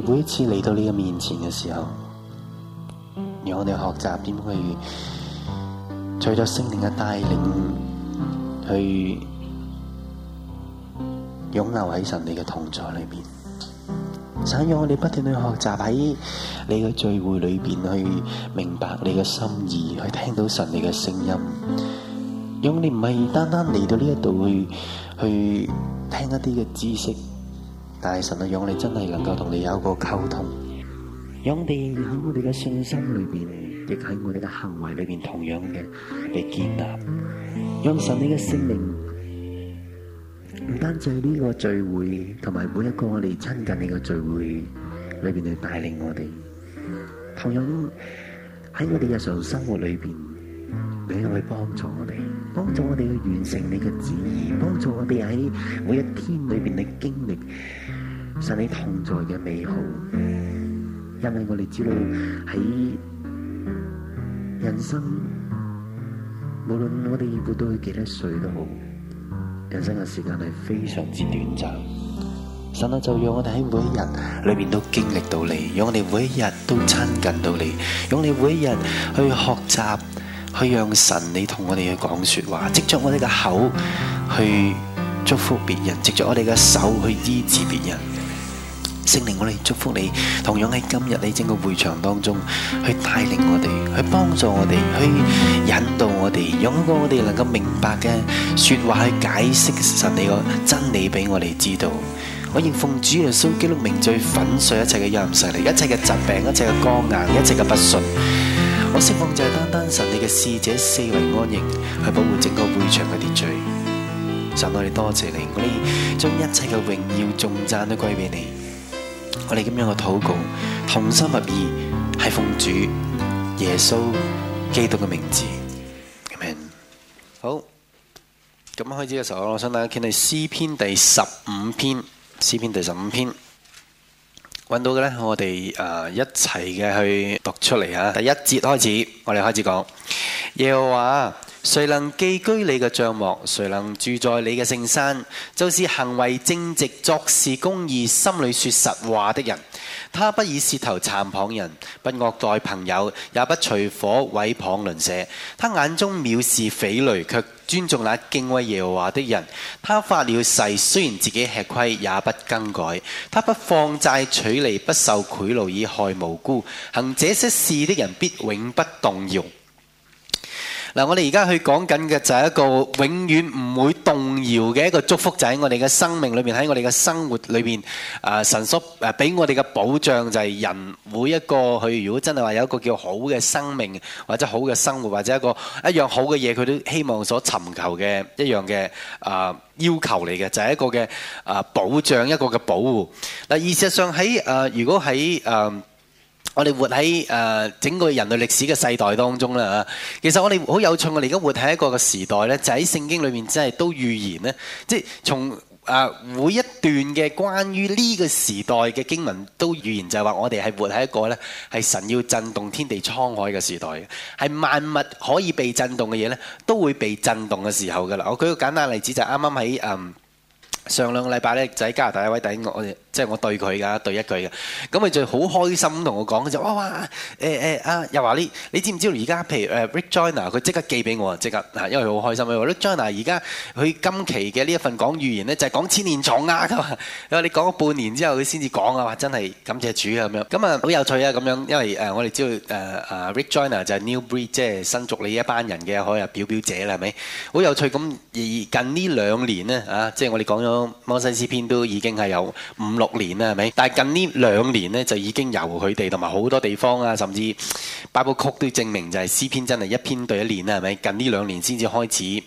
每一次嚟到你嘅面前嘅時候，讓我哋學習點樣去，取咗聖靈嘅帶領去，擁留喺神你嘅同在裏邊。想讓我哋不斷去學習喺你嘅聚會裏邊去明白你嘅心意，去聽到神你嘅聲音。用你唔係單單嚟到呢一度去去聽一啲嘅知識。大神啊，讓我哋真係能夠同你有一個溝通，讓我哋喺我哋嘅信心裏邊，亦喺我哋嘅行為裏邊同樣嘅被建立。讓神你嘅生命唔單止喺呢個聚會，同埋每一個我哋親近你嘅聚會裏邊嚟帶領我哋，同樣喺我哋日常生活裏邊，你可以幫助我哋。幫助我哋去完成你嘅旨意，幫助我哋喺每一天裏邊嘅經歷使你同在嘅美好。因為我哋知道喺人生，無論我哋活到去幾多歲都好，人生嘅時間係非常之短暫。神啊，就讓我哋喺每一日裏邊都經歷到你，讓我哋每一日都親近到你，用我哋每一日去學習。去讓神你同我哋去講說話，藉着我哋嘅口去祝福別人，藉着我哋嘅手去醫治別人。聖靈，我哋祝福你，同樣喺今日喺整個會場當中，去帶領我哋，去幫助我哋，去引導我哋，用一個我哋能夠明白嘅說話去解釋神你個真理俾我哋知道。我願奉主耶穌基督名在粉碎一切嘅陰勢力，一切嘅疾病，一切嘅光暗，一切嘅不信。我希望就係單單神你嘅使者四圍安營，去保護整個會場嘅秩序。神我哋多謝你，我哋將一切嘅榮耀頌讚都歸俾你。我哋咁樣嘅禱告，同心合意，係奉主耶穌基督嘅名字。amen。好，咁開始嘅時候，我想大家見係詩篇第十五篇，詩篇第十五篇。揾到嘅呢，我哋、呃、一齊嘅去讀出嚟嚇。第一節開始，我哋開始講。耶和華，誰能寄居你嘅帳幕？誰能住在你嘅聖山？就是行為正直、作事公義、心裏說實話的人。他不以舌頭讒謗人，不惡待朋友，也不隨夥毀謗鄰舍。他眼中藐視匪類卻尊重那敬畏耶和華的人，他發了誓，雖然自己吃虧，也不更改。他不放債取利，不受賄賂，以害無辜。行這些事的人，必永不動搖。嗱，我哋而家去講緊嘅就係一個永遠唔會動搖嘅一個祝福，就喺我哋嘅生命裏邊，喺我哋嘅生活裏邊，誒神所誒俾我哋嘅保障就係人每一個佢如果真係話有一個叫好嘅生命，或者好嘅生活，或者一個一樣好嘅嘢，佢都希望所尋求嘅一樣嘅誒要求嚟嘅，就係一個嘅誒保障，一個嘅保護。嗱，事實上喺誒如果喺誒。我哋活喺誒、呃、整個人類歷史嘅世代當中啦嚇，其實我哋好有趣，我哋而家活喺一個嘅時代咧，就喺、是、聖經裏面真係都預言咧，即係從誒每一段嘅關於呢個時代嘅經文都預言，就係話我哋係活喺一個咧係神要震動天地滄海嘅時代，係萬物可以被震動嘅嘢咧都會被震動嘅時候噶啦。我舉個簡單例子就啱啱喺誒。呃上兩個禮拜咧就喺加拿大一位弟兄，我即係我對佢噶，對一句嘅，咁佢就好開心同我講嘅就說哇哇誒誒、欸欸、啊又話你你知唔知而家譬如誒、啊、Rick Joyner 佢即刻寄俾我即刻嗱，因為佢好開心，佢話 Rick Joyner 而家佢今期嘅呢一份講預言咧就係、是、講千年蟲啊咁，因為你講咗半年之後佢先至講啊，話真係感謝主咁樣，咁啊好有趣啊咁樣，因為誒、啊、我哋知道誒啊 Rick Joyner 就係 New Breed 即係新族裏一班人嘅可以能表表者啦係咪？好有趣咁而近呢兩年咧啊，即係我哋講咗。摩西詩篇都已經係有五六年啦，係咪？但係近呢兩年呢，就已經由佢哋同埋好多地方啊，甚至 Bible Code 都證明就係詩篇真係一篇對一年啦，係咪？近呢兩年先至開始誒、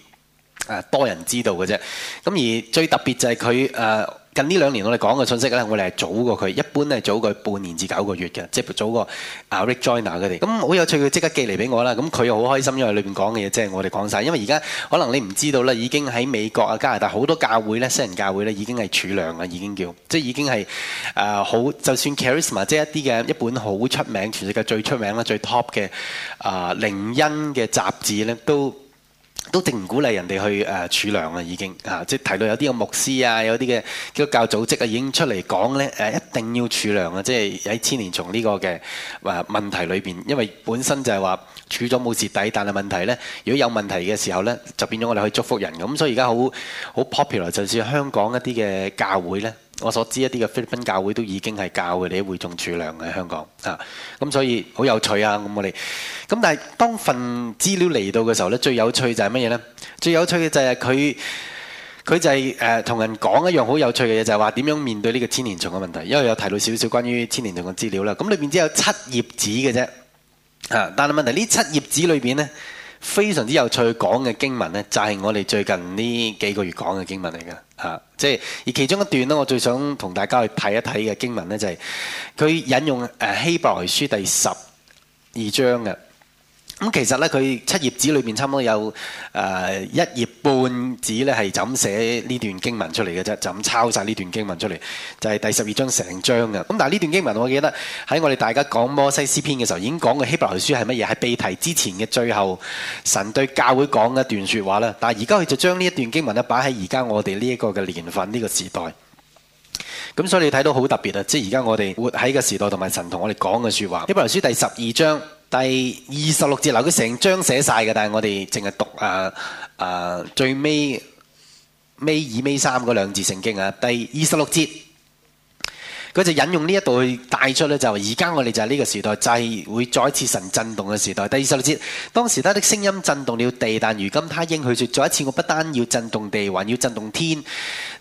啊、多人知道嘅啫。咁而最特別就係佢誒。啊近呢兩年我哋講嘅信息呢，我哋係早過佢，一般係早佢半年至九個月嘅，即係早過啊 Rick Joyner 佢哋。咁好有趣，佢即刻寄嚟俾我啦。咁佢又好開心，因為裏，因為裏面講嘅嘢即係我哋講晒。因為而家可能你唔知道啦，已經喺美國啊、加拿大好多教會咧、私人教會咧已經係儲量啊，已經叫即係已經係、呃、好。就算 Charisma 即係一啲嘅一本好出名、全世界最出名啦、最 top 嘅啊靈恩嘅雜誌咧都。都並唔鼓勵人哋去誒儲糧啊，已經啊，即係提到有啲嘅牧師啊，有啲嘅基督教組織啊，已經出嚟講咧誒，一定要儲糧啊，即係喺千年蟲呢個嘅話、啊、問題裏邊，因為本身就係話儲咗冇蝕底，但係問題咧，如果有問題嘅時候咧，就變咗我哋可以祝福人咁，所以而家好好 popular，就算香港一啲嘅教會咧。我所知一啲嘅菲律賓教會都已經係教嘅，啲會眾儲糧喺香港嚇，咁所以好有趣啊！咁我哋咁但係當份資料嚟到嘅時候咧，最有趣就係乜嘢咧？最有趣嘅就係佢佢就係誒同人講一樣好有趣嘅嘢，就係話點樣面對呢個千年蟲嘅問題。因為有提到少少關於千年蟲嘅資料啦，咁裏邊只有七頁紙嘅啫嚇，但係問題呢，七頁紙裏邊咧，非常之有趣講嘅經文咧，就係我哋最近呢幾個月講嘅經文嚟嘅嚇。即係，而其中一段我最想同大家去睇一睇嘅經文就係佢引用希伯來書第十二章嘅。咁其實咧，佢七頁紙裏邊差唔多有誒一頁半紙咧，係就咁寫呢段經文出嚟嘅啫，就咁抄晒呢段經文出嚟，就係、是、第十二章成章嘅。咁但係呢段經文，我記得喺我哋大家講摩西詩篇嘅時候，已經講過希伯來書係乜嘢，係被提之前嘅最後神對教會講一段説話啦。但係而家佢就將呢一段經文咧擺喺而家我哋呢一個嘅年份呢、這個時代。咁所以你睇到好特別啊！即係而家我哋活喺嘅時代同埋神同我哋講嘅説話，希伯來書第十二章。第二十六節，留佢成章寫晒嘅，但係我哋淨係讀誒、呃呃、最尾尾二尾三嗰兩字聖經啊。第二十六節，佢就引用呢一度去帶出咧，就係而家我哋就係呢個時代，就係、是、會再一次神震動嘅時代。第二十六節，當時他的聲音震動了地，但如今他應許說：再一次，我不單要震動地，還要震動天。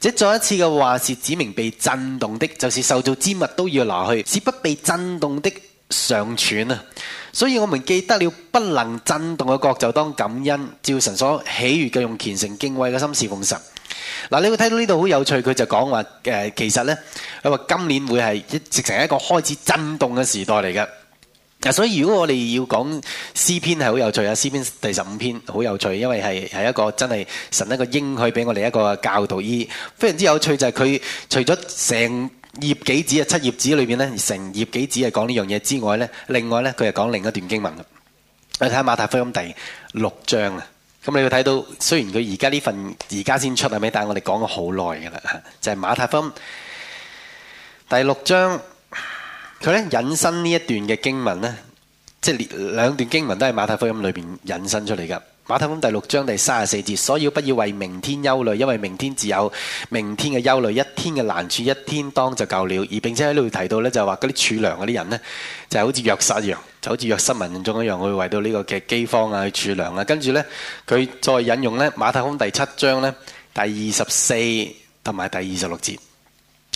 這再一次嘅話是指明被震動的，就是受造之物都要拿去；使不被震動的。.上傳啊！所以我們記得了，不能震動嘅國就當感恩，照神所喜悅嘅用虔誠敬畏嘅心事奉神。嗱，你會睇到呢度好有趣，佢就講話誒，其實呢，佢話今年會係直成一個開始震動嘅時代嚟嘅。嗱，所以如果我哋要講詩篇係好有趣啊，詩篇第十五篇好有趣，因為係係一個真係神的一個應許俾我哋一個教導醫，非常之有趣就係佢除咗成。葉己子啊，七葉子裏邊咧，成葉己子係講呢樣嘢，之外咧，另外咧佢係講另一段經文嘅。你睇下馬太福音第六章啊，咁你會睇到，雖然佢而家呢份而家先出，係咪，但係我哋講咗好耐噶啦，就係、是、馬太福音第六章，佢咧引申呢一段嘅經文咧，即係兩段經文都係馬太福音裏邊引申出嚟噶。馬太福音第六章第三十四節，所以不要為明天憂慮，因為明天自有明天嘅憂慮，一天嘅難處，一天當就夠了。而並且喺呢度提到咧，就話嗰啲儲糧嗰啲人咧，就是、好似虐殺羊，就好似虐殺民眾一樣，會這個去為到呢個嘅饑荒啊、儲糧啊。跟住咧，佢再引用咧馬太福音第七章咧第二十四同埋第二十六節。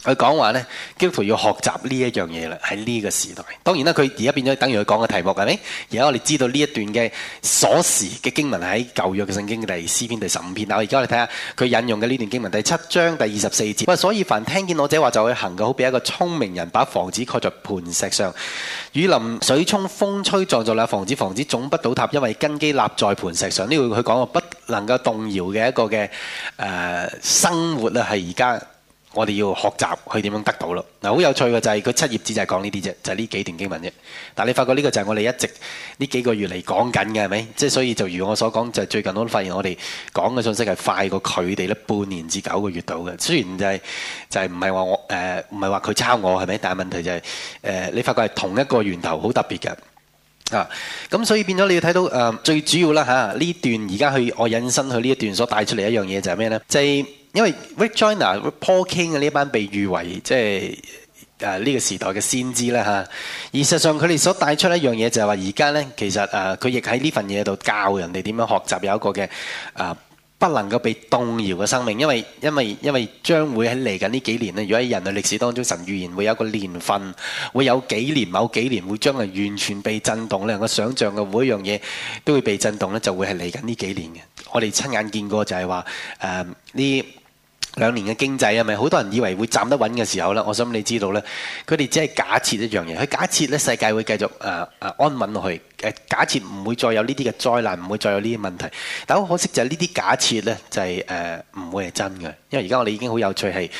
佢講話咧，基督徒要學習呢一樣嘢啦，喺呢個時代。當然啦，佢而家變咗，等於佢講嘅題目係咪。而家我哋知道呢一段嘅鎖匙嘅經文喺舊約嘅聖經詩篇第十五篇。嗱，我而家我哋睇下佢引用嘅呢段經文第七章第二十四節。喂，所以凡聽見我這話就去行嘅，好比一個聰明人把房子蓋在磐石上，雨淋、水沖、風吹撞咗啦，房子、房子總不倒塌，因為根基立在磐石上。呢、這個佢講話不能夠動搖嘅一個嘅誒、呃、生活啊，係而家。我哋要學習去點樣得到咯嗱，好、嗯、有趣嘅就係佢七頁紙就係講呢啲啫，就係、是、呢、就是、幾段經文啫。但係你發覺呢個就係我哋一直呢幾個月嚟講緊嘅，係咪？即、就、係、是、所以就如我所講，就是、最近我都發現我哋講嘅信息係快過佢哋咧半年至九個月到嘅。雖然就係、是、就係唔係話我誒唔係話佢抄我係咪？但係問題就係、是呃、你發覺係同一個源頭別，好特別嘅啊。咁所以變咗你要睇到、呃、最主要啦嚇呢段而家去我引申去呢一段所帶出嚟一樣嘢就係咩呢？即、就、係、是因為 Rick Joyner Paul King 嘅呢班被譽為即係誒呢個時代嘅先知啦嚇、啊，而實上佢哋所帶出的一樣嘢就係話而家咧，其實誒佢亦喺呢份嘢度教人哋點樣學習有一個嘅誒、啊、不能夠被動搖嘅生命，因為因為因為將會喺嚟緊呢幾年咧，如果喺人類歷史當中神預言會有一個年份，會有幾年某幾年會將係完全被震動咧，我想象嘅每一樣嘢都會被震動咧，就會係嚟緊呢幾年嘅。我哋親眼見過就係話誒呢。啊兩年嘅經濟啊，咪好多人以為會站得穩嘅時候咧，我想你知道咧，佢哋只係假設一樣嘢，佢假設咧世界會繼續誒誒安穩落去，誒假設唔會再有呢啲嘅災難，唔會再有呢啲問題。但好可惜就係呢啲假設咧、就是，就係誒唔會係真嘅。因為而家我哋已經好有趣，係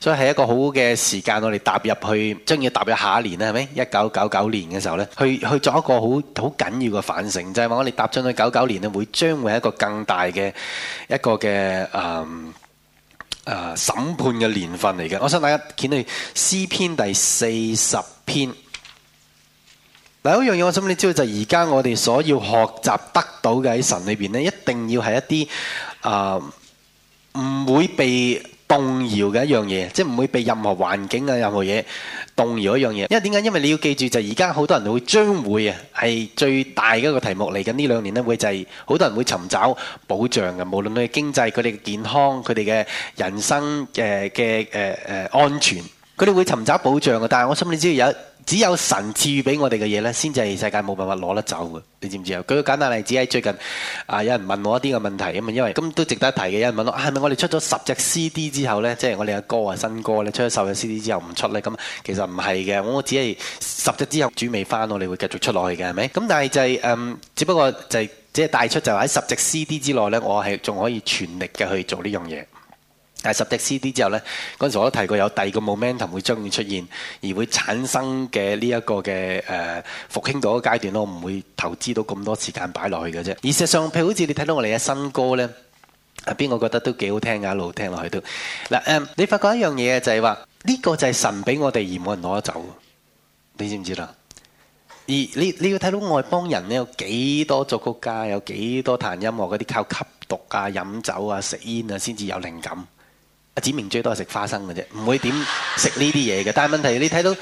所以係一個好嘅時間，我哋踏入去將要踏入下一年咧，係咪一九九九年嘅時候咧？去去作一個好好緊要嘅反省，就係、是、話我哋踏進去九九年咧，會將會係一個更大嘅一個嘅誒。嗯啊！審判嘅年份嚟嘅，我想大家見到詩篇第四十篇。嗱，有一樣嘢，我想你知道，就係而家我哋所要學習得到嘅喺神裏邊咧，一定要係一啲呃、唔會被。動搖嘅一樣嘢，即係唔會被任何環境啊、任何嘢動搖一樣嘢。因為點解？因為你要記住，就而家好多人會將會啊，係最大嘅一個題目嚟緊呢兩年咧，會就係、好多人會尋找保障嘅。無論佢經濟、佢哋嘅健康、佢哋嘅人生誒嘅誒誒安全，佢哋會尋找保障嘅。但係我心裏知道有。只有神賜予俾我哋嘅嘢咧，先至係世界冇辦法攞得走嘅。你知唔知啊？舉個簡單例子，喺最近啊，有人問我一啲嘅問題咁啊，因為咁都值得提嘅。有人問我，啊，係咪我哋出咗十隻 CD 之後咧，即係我哋嘅歌啊新歌，你出咗十隻 CD 之後唔出咧？咁其實唔係嘅，我只係十隻之後準備翻，我哋會繼續出落去嘅，係咪？咁但係就係、是、嗯、呃，只不過就係即係帶出就喺十隻 CD 之內咧，我係仲可以全力嘅去做呢樣嘢。但十隻 CD 之後呢，嗰陣時我都提過有第二個 momentum 會將會出現，而會產生嘅呢一個嘅誒復興到一個階段咯。我唔會投資到咁多時間擺落去嘅啫。而事實上，譬如好似你睇到我哋嘅新歌呢，邊個覺得都幾好聽啊？一路聽落去都嗱誒、嗯，你發覺一樣嘢就係話呢個就係神俾我哋而冇人攞得走，你知唔知啦？而你你要睇到外邦人咧，有幾多作曲家，有幾多彈音樂嗰啲靠吸毒啊、飲酒啊、食煙啊先至有靈感。阿子明最多係食花生嘅啫，唔會點食呢啲嘢嘅。但係問題是你睇到，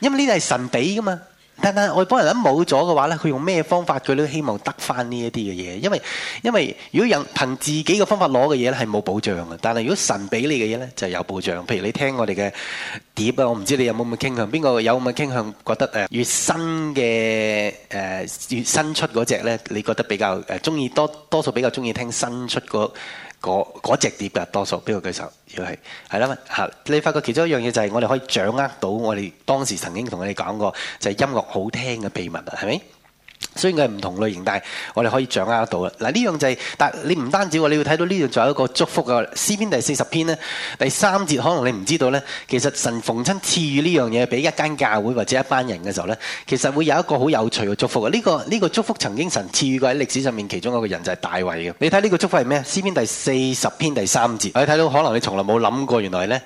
因為呢啲係神俾嘅嘛。但係我幫人諗冇咗嘅話咧，佢用咩方法佢都希望得翻呢一啲嘅嘢。因為因為如果人憑自己嘅方法攞嘅嘢咧係冇保障嘅。但係如果神俾你嘅嘢咧就有保障。譬如你聽我哋嘅碟啊，我唔知道你有冇咁嘅傾向。邊個有咁嘅傾向？覺得誒越新嘅誒越新出嗰隻咧，你覺得比較誒中意多多數比較中意聽新出個。嗰隻、那個、碟㗎，多數邊個舉手？要係，係啦，嚇！你發覺其中一樣嘢就係，我哋可以掌握到我哋當時曾經同你講過，就係音樂好聽嘅秘密，係咪？是雖然佢係唔同類型，但係我哋可以掌握得到啦。嗱，呢樣就係、是，但你唔單止，你要睇到呢樣，仲有一個祝福㗎。詩篇第四十篇咧，第三節可能你唔知道咧。其實神逢親賜予呢樣嘢俾一間教會或者一班人嘅時候咧，其實會有一個好有趣嘅祝福嘅。呢、這個呢、這個祝福曾經神賜予過喺歷史上面其中一個人就係大衛嘅。你睇呢個祝福係咩？詩篇第四十篇第三節，你睇到可能你從來冇諗過，原來咧。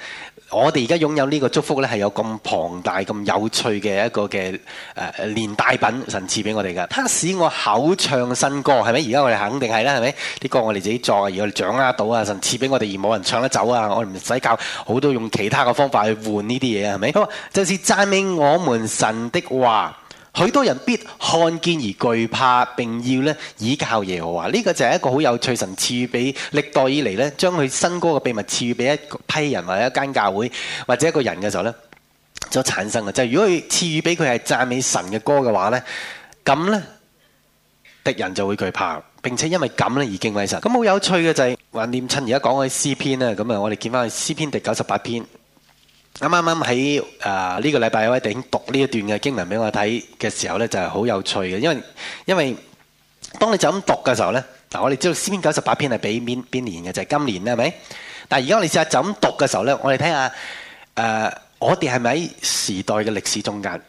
我哋而家擁有呢個祝福咧，係有咁龐大、咁有趣嘅一個嘅誒連帶品神賜俾我哋嘅，他使我口唱新歌，係咪？而家我哋肯定係啦，係咪？啲歌我哋自己作，而我哋掌握到啊，神賜俾我哋而冇人唱得走啊，我哋唔使教，好多用其他嘅方法去換呢啲嘢，係咪？好，就是讚美我們神的話。許多人必看見而懼怕，並要咧倚靠耶和華。呢個就係一個好有趣的神賜予俾歷代以嚟咧，將佢新歌嘅秘密賜予俾一批人或者一間教會或者一個人嘅時候咧，所產生嘅。就係如果佢賜予俾佢係讚美神嘅歌嘅話咧，咁咧敵人就會懼怕，並且因為咁咧而敬畏神。咁好有趣嘅就係話念親，而家講嗰啲詩篇咧，咁啊，我哋見翻去詩篇第九十八篇。咁啱啱喺誒呢個禮拜有位弟兄讀呢一段嘅經文俾我睇嘅時候咧，就係好有趣嘅，因為因為當你就咁讀嘅時候咧，嗱，我哋知道詩篇九十八篇係俾邊邊年嘅，就係今年啦，係咪？但係而家我哋試下就咁讀嘅時候咧，我哋聽下誒我哋係咪喺時代嘅歷史中間？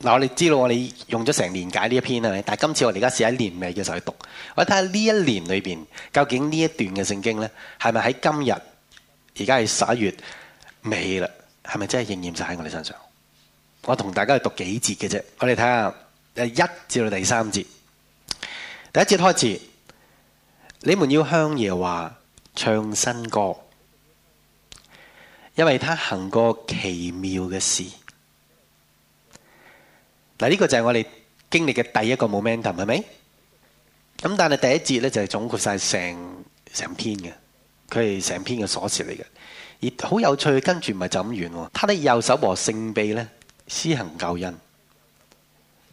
嗱，我哋知道我哋用咗成年解呢一篇係咪？但係今次我哋而家試喺年尾嘅時候去讀，我哋睇下呢一年裏邊究竟呢一段嘅聖經咧，係咪喺今日？而家係十一月尾啦，係咪真係應驗晒喺我哋身上？我同大家去讀幾節嘅啫，我哋睇下一至到第三節。第一節開始，你們要向耶華唱新歌，因為他行過奇妙嘅事。嗱，呢個就係我哋經歷嘅第一個 moment，u m 係咪？咁但係第一節咧就係總括晒成成篇嘅。佢係成篇嘅鎖匙嚟嘅。而好有趣，跟住唔係就咁完喎。他的右手和聖臂呢，施行救恩。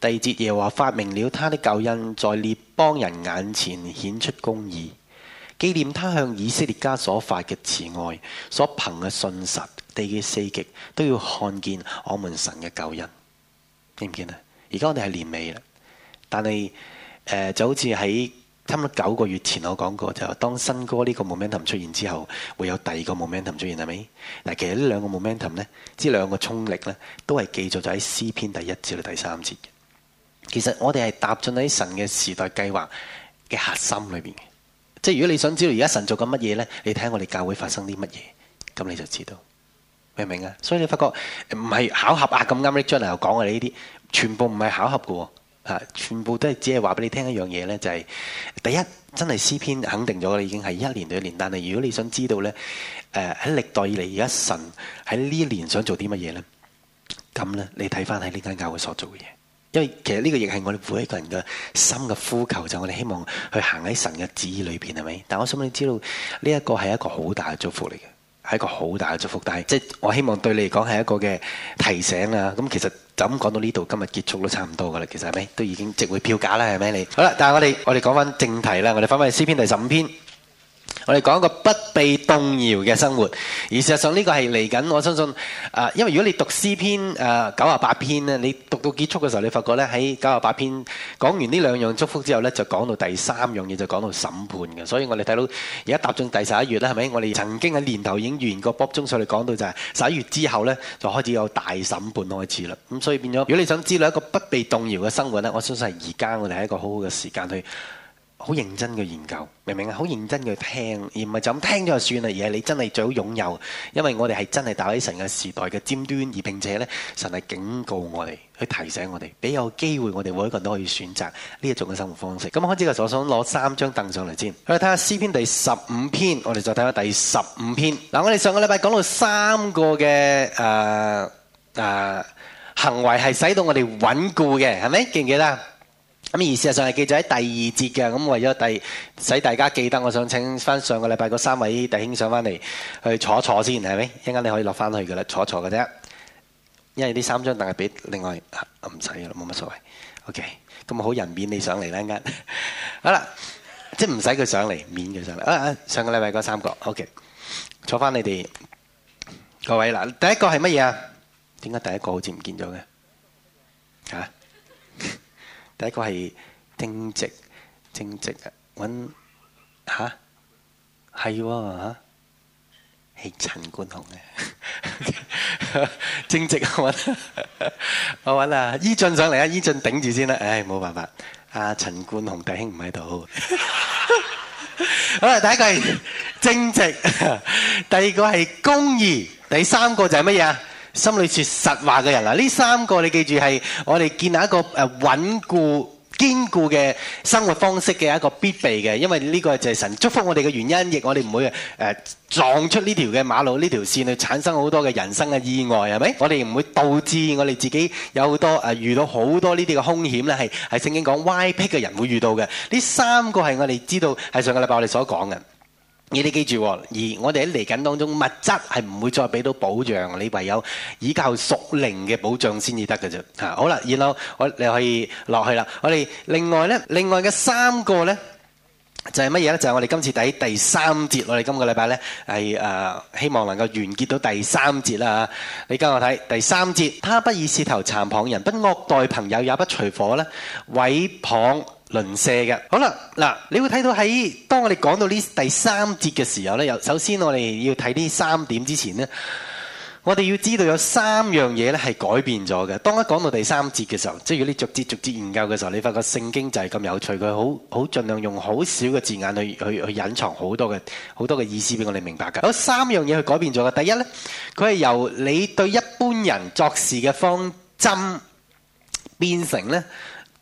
第二節，耶和華發明了他的救恩，在列邦人眼前顯出公義，紀念他向以色列家所發嘅慈愛，所憑嘅信實。地嘅四極都要看見我們神嘅救恩。記唔記得啊？而家我哋係年尾啦，但係、呃、就好似喺～差唔多九個月前我過，我講過就當新歌呢個 momentum 出現之後，會有第二個 momentum 出現係咪？嗱，其實呢兩個 momentum 咧，之兩個衝力咧，都係記載咗喺詩篇第一節到第三節嘅。其實我哋係踏進喺神嘅時代計劃嘅核心裏面嘅。即如果你想知道而家神做緊乜嘢咧，你睇下我哋教會發生啲乜嘢，咁你就知道明唔明啊？所以你發覺唔係巧合啊咁啱拎出嚟又講我哋呢啲，全部唔係巧合嘅全部都係只係話俾你聽一樣嘢咧，就係第一真係詩篇肯定咗你已經係一年對一年。但係如果你想知道咧，誒喺歷代以嚟而家神喺呢一年想做啲乜嘢咧？咁咧，你睇翻喺呢間教會所做嘅嘢，因為其實呢個亦係我哋每一個人嘅心嘅呼求，就係我哋希望去行喺神嘅旨意裏邊，係咪？但我想你知道呢一個係一個好大嘅祝福嚟嘅。係一個好大嘅祝福，但係即係我希望對你嚟講係一個嘅提醒啦。咁其實就咁講到呢度，今日結束都差唔多㗎啦。其實係咪都已經值回票價啦？係咪你好？好啦，但係我哋我哋講翻正題啦，我哋翻返去詩篇第十五篇。我哋講一個不被動搖嘅生活，而事實上呢個係嚟緊。我相信啊、呃，因為如果你讀詩篇誒九十八篇咧，你讀到結束嘅時候，你發覺咧喺九十八篇講完呢兩樣祝福之後咧，就講到第三樣嘢，就講到審判嘅。所以我哋睇到而家踏進第十一月咧，係咪？我哋曾經喺年頭已經完個卜中所嚟講到就係十一月之後咧，就開始有大審判開始啦。咁所以變咗，如果你想知道一個不被動搖嘅生活咧，我相信係而家我哋係一個好好嘅時間去。好認真嘅研究，明唔明啊？好認真嘅聽，而唔係就咁聽咗就算啦。而係你真係最好擁有，因為我哋係真係打喺神嘅時代嘅尖端，而並且呢，神係警告我哋，去提醒我哋，俾有機會我哋每一個人都可以選擇呢一種嘅生活方式。咁開始嘅時候，我想攞三張凳上嚟先去睇下詩篇第十五篇。我哋再睇下第十五篇。嗱，我哋上個禮拜講到三個嘅誒誒行為係使到我哋穩固嘅，係咪記唔記得？咁而事實上係記咗喺第二節嘅，咁為咗第使大家記得，我想請翻上個禮拜嗰三位弟兄上翻嚟去坐坐先，係咪？一陣間你可以落翻去嘅啦，坐坐嘅啫。因為呢三張凳係俾另外唔使嘅啦，冇、啊、乜所謂。OK，咁好人免你上嚟啦，一陣間。好啦，即係唔使佢上嚟，免佢上嚟。啊啊，上個禮拜嗰三個，OK，坐翻你哋各位啦。第一個係乜嘢啊？點解第一個好似唔見咗嘅？嚇、啊？ 第一個係正直，正直啊！搵吓，係喎吓，係陳冠雄咧。正直啊！搵，我搵啦，依俊上嚟啊！依俊頂住先啦，唉冇辦法。啊，陳冠雄弟兄唔喺度。好啦，第一個係正直，第二個係公義，第三個就係乜嘢？心裏說實話嘅人啦，呢三個你記住係我哋建立一個誒、啊、穩固堅固嘅生活方式嘅一個必備嘅，因為呢個就係神祝福我哋嘅原因，亦我哋唔會誒、啊、撞出呢條嘅馬路呢條線去產生好多嘅人生嘅意外係咪？我哋唔會導致我哋自己有好多、啊、遇到好多呢啲嘅風險咧，係係聖經講歪僻嘅人會遇到嘅。呢三個係我哋知道係上個禮拜我哋所講嘅。你哋記住，而我哋喺嚟緊當中，物質係唔會再俾到保障，你唯有依靠屬靈嘅保障先至得嘅啫。嚇，好啦，然後我你可以落去啦。我哋另外咧，另外嘅三個咧就係乜嘢咧？就係我哋今次喺第三節，我哋今個禮拜咧係誒，希望能夠完結到第三節啦嚇。你跟我睇第三節，他不以舌頭讒謗人，不惡待朋友，也不隨夥咧，毀謗。淪射嘅，好啦，嗱，你會睇到喺當我哋講到呢第三節嘅時候呢，有首先我哋要睇呢三點之前呢，我哋要知道有三樣嘢呢係改變咗嘅。當一講到第三節嘅時候，即係如果你逐節逐節研究嘅時候，你發覺聖經就係咁有趣，佢好好盡量用好少嘅字眼去去去隱藏好多嘅好多嘅意思俾我哋明白嘅。有三樣嘢去改變咗嘅，第一呢，佢係由你對一般人作事嘅方針變成呢。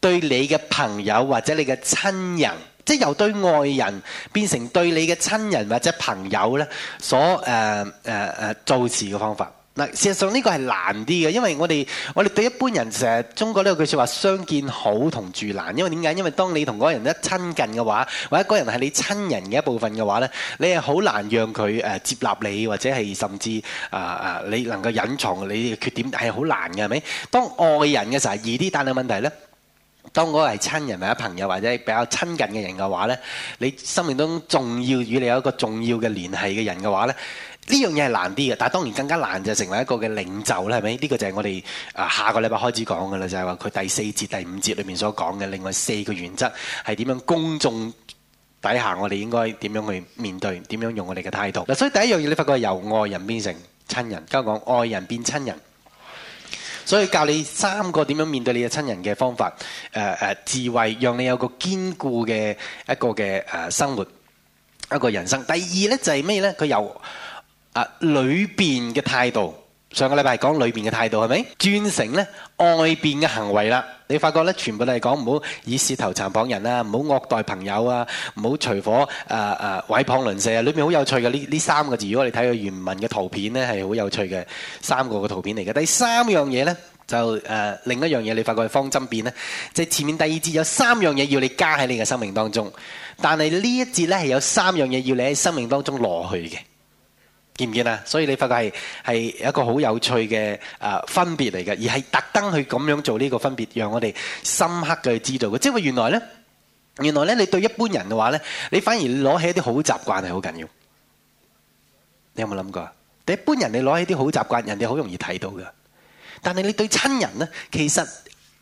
對你嘅朋友或者你嘅親人，即係由對外人變成對你嘅親人或者朋友呢所誒誒做事嘅方法嗱，事實上呢個係難啲嘅，因為我哋我哋對一般人成日中國呢句說話，相見好同住難，因為點解？因為當你同嗰個人一親近嘅話，或者嗰個人係你親人嘅一部分嘅話呢，你係好難讓佢誒接納你，或者係甚至啊啊，你能夠隱藏你嘅缺點係好難嘅，係咪？當外人嘅時候易啲，但係問題呢。當嗰個係親人或者朋友或者比較親近嘅人嘅話呢，你生命當中重要與你有一個重要嘅聯繫嘅人嘅話呢，呢樣嘢係難啲嘅，但係當然更加難就成為一個嘅領袖啦，係咪？呢個就係我哋啊下個禮拜開始講嘅啦，就係話佢第四節第五節裏面所講嘅另外四個原則係點樣，公眾底下我哋應該點樣去面對，點樣用我哋嘅態度嗱，所以第一樣嘢你發覺由愛人變成親人，家講愛人變親人。所以教你三個點樣面對你嘅親人嘅方法，誒、呃、誒智慧，讓你有個堅固嘅一個嘅生活，一個人生。第二呢就係、是、咩呢？佢由啊裏邊嘅態度，上個禮拜講裏邊嘅態度係咪？轉成呢外邊嘅行為啦。你發覺咧，全部都係講唔好以舌頭讒謗人啊，唔好惡待朋友啊，唔好隨夥誒誒毀謗鄰舍啊。裏、呃呃、面好有趣嘅呢呢三個字，如果你睇佢原文嘅圖片咧，係好有趣嘅三個嘅圖片嚟嘅。第三樣嘢咧，就誒、呃、另一樣嘢，你發覺係方針變咧，即、就、係、是、前面第二節有三樣嘢要你加喺你嘅生命當中，但係呢一節咧係有三樣嘢要你喺生命當中攞去嘅。見唔見啊？所以你發覺係係一個好有趣嘅啊分別嚟嘅，而係特登去咁樣做呢個分別，讓我哋深刻嘅知道嘅。即係話原來咧，原來咧，你對一般人嘅話咧，你反而攞起一啲好習慣係好緊要。你有冇諗過啊？一般人你攞起啲好習慣，人哋好容易睇到㗎。但係你對親人咧，其實～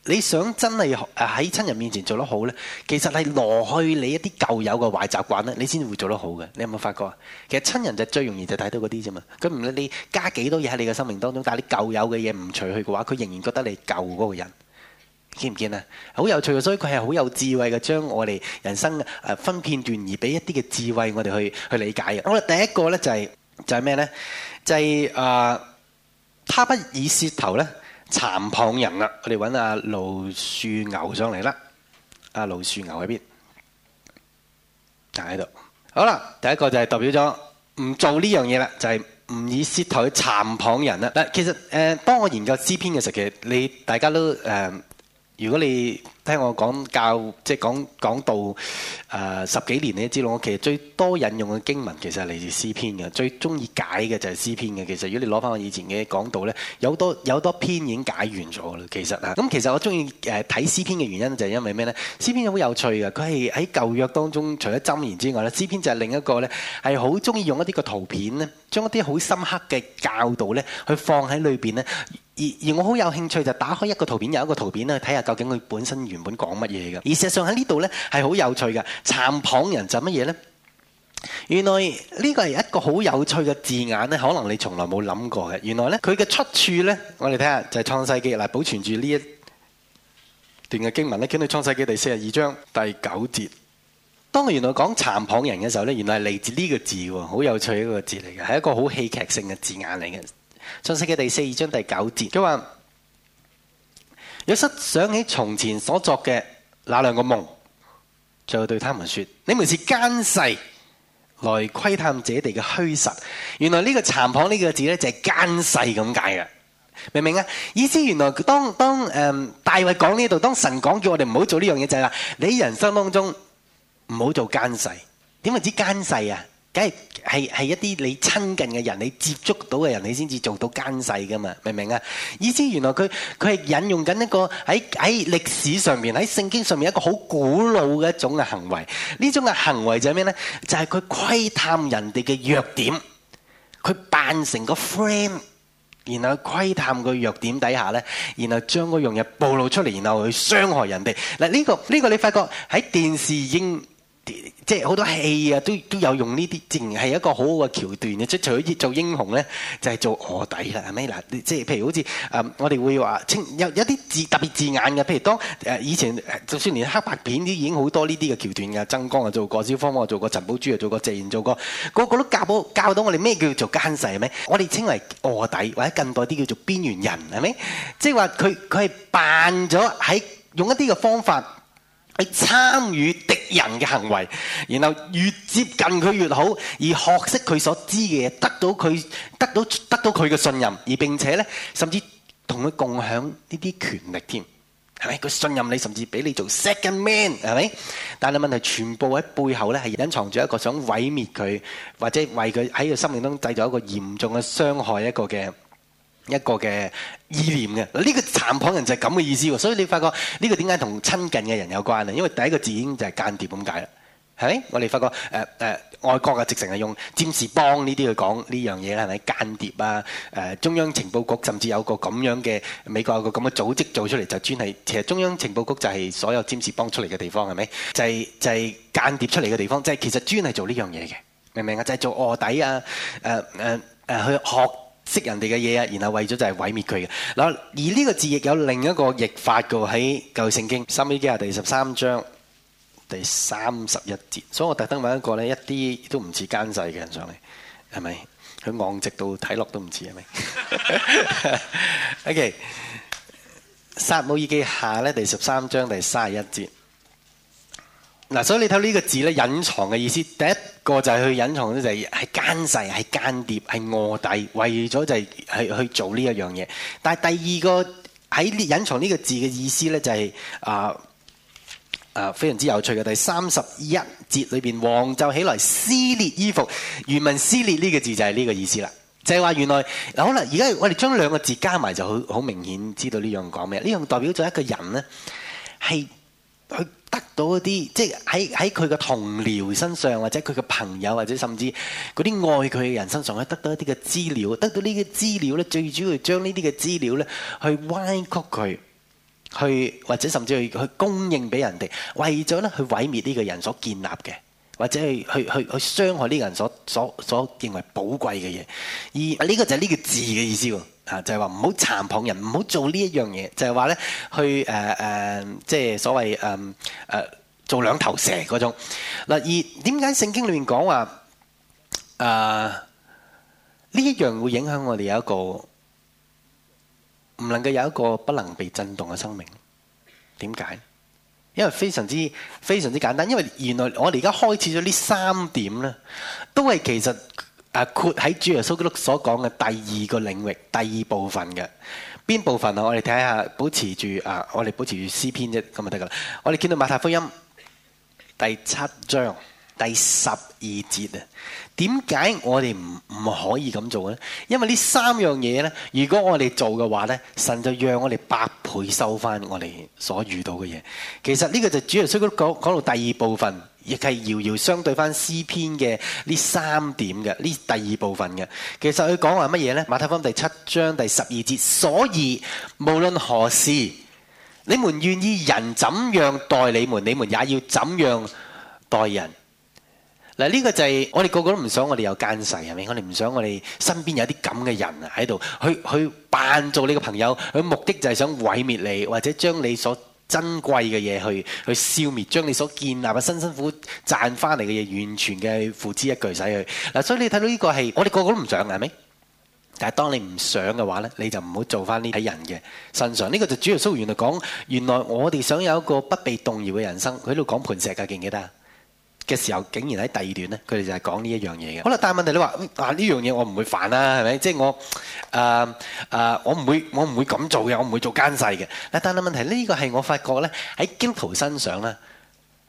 你想真係喺親人面前做得好呢？其實係攞去你一啲舊友嘅壞習慣呢，你先會做得好嘅。你有冇發覺啊？其實親人就最容易就睇到嗰啲啫嘛。佢唔理你加幾多嘢喺你嘅生命當中，但係你啲舊友嘅嘢唔除去嘅話，佢仍然覺得你舊嗰個人。見唔見啊？好有趣嘅，所以佢係好有智慧嘅，將我哋人生分片段而俾一啲嘅智慧我哋去去理解嘅。我哋第一個、就係就係、呢，就係就係咩呢？就係誒他不以舌頭呢。殘謗人啦，我哋揾阿盧樹牛上嚟啦，阿盧樹牛喺邊？喺度。好啦，第一個就係代表咗唔做呢樣嘢啦，就係唔以舌頭去讒謗人啦。嗱，其實誒，當我研究詩篇嘅時候，其實你大家都誒。如果你聽我講教，即係講講道，誒、呃、十幾年你都知道我其實最多引用嘅經文其實係嚟自詩篇嘅，最中意解嘅就係詩篇嘅。其實如果你攞翻我以前嘅講道咧，有好多有好多篇已經解完咗嘅啦。其實啊，咁其實我中意誒睇詩篇嘅原因就係因為咩咧？詩篇好有趣嘅，佢係喺舊約當中，除咗箴言之外咧，詩篇就係另一個咧，係好中意用一啲個圖片咧，將一啲好深刻嘅教導咧，去放喺裏邊咧。而，而我好有興趣，就打開一個圖片，又一個圖片咧，睇下究竟佢本身原本講乜嘢嘅。而事實上喺呢度呢，係好有趣嘅。讒謗人就乜嘢呢？原來呢個係一個好有趣嘅字眼呢，可能你從來冇諗過嘅。原來呢，佢嘅出處呢，我哋睇下就係、是、創世記嗱，保存住呢一段嘅經文呢，見喺創世記第四十二章第九節。當我原來講讒謗人嘅時候呢，原來係嚟自呢個字喎，好有趣一個字嚟嘅，係一個好戲劇性嘅字眼嚟嘅。創世記第四章第九節，佢話約瑟想起從前所作嘅那兩個夢，就對他們說：你們是奸細，來窺探這地嘅虛實。原來呢、這個“讒謗”呢、這個字咧就係奸細咁解嘅，明唔明啊？意思是原來當當誒大衛講呢度，當神講叫我哋唔好做呢樣嘢就係話，你人生當中唔好做奸細，點為之奸細啊？梗係係係一啲你親近嘅人，你接觸到嘅人，你先至做到奸細噶嘛？明唔明啊？意思原來佢佢係引用緊一個喺喺歷史上面、喺聖經上面一個好古老嘅一種嘅行為。呢種嘅行為就係咩呢？就係佢窺探人哋嘅弱點，佢扮成個 friend，然後窺探個弱點底下呢，然後將嗰樣嘢暴露出嚟，然後去傷害人哋。嗱，呢個呢個你發覺喺電視已經即係好多戲啊，都都有用呢啲，自然係一個好好嘅橋段嘅。即除咗做英雄咧，就係、是、做臥底啦，係咪嗱？即係譬如好似誒，我哋會話稱有有啲字特別字眼嘅，譬如當誒以前就算連黑白片都已經好多呢啲嘅橋段嘅。曾江啊，做過；小芳啊，做過；陳寶珠啊，做過；謝賢做過，個個都教到教到我哋咩叫做奸細，係咪？我哋稱為臥底或者近代啲叫做邊緣人係咪？即係話佢佢係扮咗喺用一啲嘅方法。你參與敵人嘅行為，然後越接近佢越好，而學識佢所知嘅嘢，得到佢得到得到佢嘅信任，而並且呢，甚至同佢共享呢啲權力添，係咪？佢信任你，甚至俾你做 second man，係咪？但係問題全部喺背後呢，係隱藏住一個想毀滅佢，或者為佢喺佢生命中製造一個嚴重嘅傷害一個嘅。一個嘅意念嘅，呢、這個讒謗人就係咁嘅意思喎，所以你發覺呢個點解同親近嘅人有關咧？因為第一個字已經就係間諜咁解啦。係，我哋發覺誒誒、呃呃、外國啊，直情係用占士邦呢啲去講呢樣嘢啦，係咪間諜啊？誒中央情報局甚至有個咁樣嘅美國有個咁嘅組織做出嚟，就專係其實中央情報局就係所有占士邦出嚟嘅地方係咪？就係就係間諜出嚟嘅地方，即係、就是就是就是、其實專係做呢樣嘢嘅，明唔明啊？就係、是、做卧底啊，誒誒誒去學。識人哋嘅嘢啊，然後為咗就係毀滅佢嘅嗱。而呢個字亦有另一個譯法嘅喎，喺舊聖經撒母耳記下第十三章第三十一節。所以我特登揾一個呢，一啲都唔似奸細嘅人上嚟，係咪？佢昂直到睇落都唔似，係咪 ？OK，撒母耳記下呢第十三章第三十一節。嗱，所以你睇呢個字咧，隱藏嘅意思，第一個就係去隱藏咧，就係係奸細、係間諜、係臥底，為咗就係係去，去做呢一樣嘢。但係第二個喺隱藏呢個字嘅意思咧，就係、是、啊啊非常之有趣嘅。第三十一節裏邊，王就起來撕裂衣服，原文撕裂呢個字就係呢個意思啦，就係、是、話原來嗱，好啦，而家我哋將兩個字加埋就好好明顯知道呢樣講咩，呢、這、樣、個、代表咗一個人咧係。是去得到一啲，即係喺喺佢嘅同僚身上，或者佢嘅朋友，或者甚至嗰啲愛佢嘅人身上，去得到一啲嘅資料，得到呢啲資料咧，最主要將呢啲嘅資料咧，去歪曲佢，去或者甚至去去供應俾人哋，為咗咧去毀滅呢個人所建立嘅，或者去去去去傷害呢個人所所所認為寶貴嘅嘢，而呢個就係呢個字嘅意思喎。啊，就係話唔好讒謗人，唔好做呢一樣嘢，就係話咧去誒誒，即係所謂誒誒做兩頭蛇嗰種。嗱，而點解聖經裏面講話啊呢一樣會影響我哋有一個唔能夠有一個不能被震動嘅生命？點解？因為非常之非常之簡單，因為原來我哋而家開始咗呢三點咧，都係其實。啊、括喺主耶穌基督所講嘅第二個領域，第二部分嘅邊部分啊？我哋睇下，保持住啊，我哋保持住詩篇啫，咁就得噶啦。我哋見到馬太福音第七章第十二節啊，點解我哋唔唔可以咁做呢？因為呢三樣嘢呢，如果我哋做嘅話呢，神就讓我哋百倍收翻我哋所遇到嘅嘢。其實呢個就主耶穌基督講講到第二部分。亦係遙遙相對翻詩篇嘅呢三點嘅呢第二部分嘅，其實佢講話乜嘢呢？馬太福音第七章第十二節，所以無論何事，你們願意人怎樣待你們，你們也要怎樣待人。嗱，呢個就係我哋個個都唔想，我哋有奸細，係咪？我哋唔想我哋身邊有啲咁嘅人啊喺度，佢佢扮做你嘅朋友，佢目的就係想毀滅你，或者將你所珍貴嘅嘢，去去消滅，將你所建立嘅，辛辛苦賺翻嚟嘅嘢，完全嘅付之一炬使去。嗱，所以你睇到呢個係我哋個個都唔想係咪？但係當你唔想嘅話咧，你就唔好做翻呢啲人嘅身上，呢、這個就主要蘇源嚟講，原來我哋想有一個不被動搖嘅人生，佢喺度講盤石嘅，記唔記得啊？嘅時候，竟然喺第二段咧，佢哋就係講呢一樣嘢嘅。好啦，但係問題你話，嗱呢樣嘢我唔會犯啦，啊，係咪？即係我誒誒、呃呃，我唔會我唔會咁做嘅，我唔會做奸細嘅。但係問題呢個係我發覺咧，喺基督徒身上咧，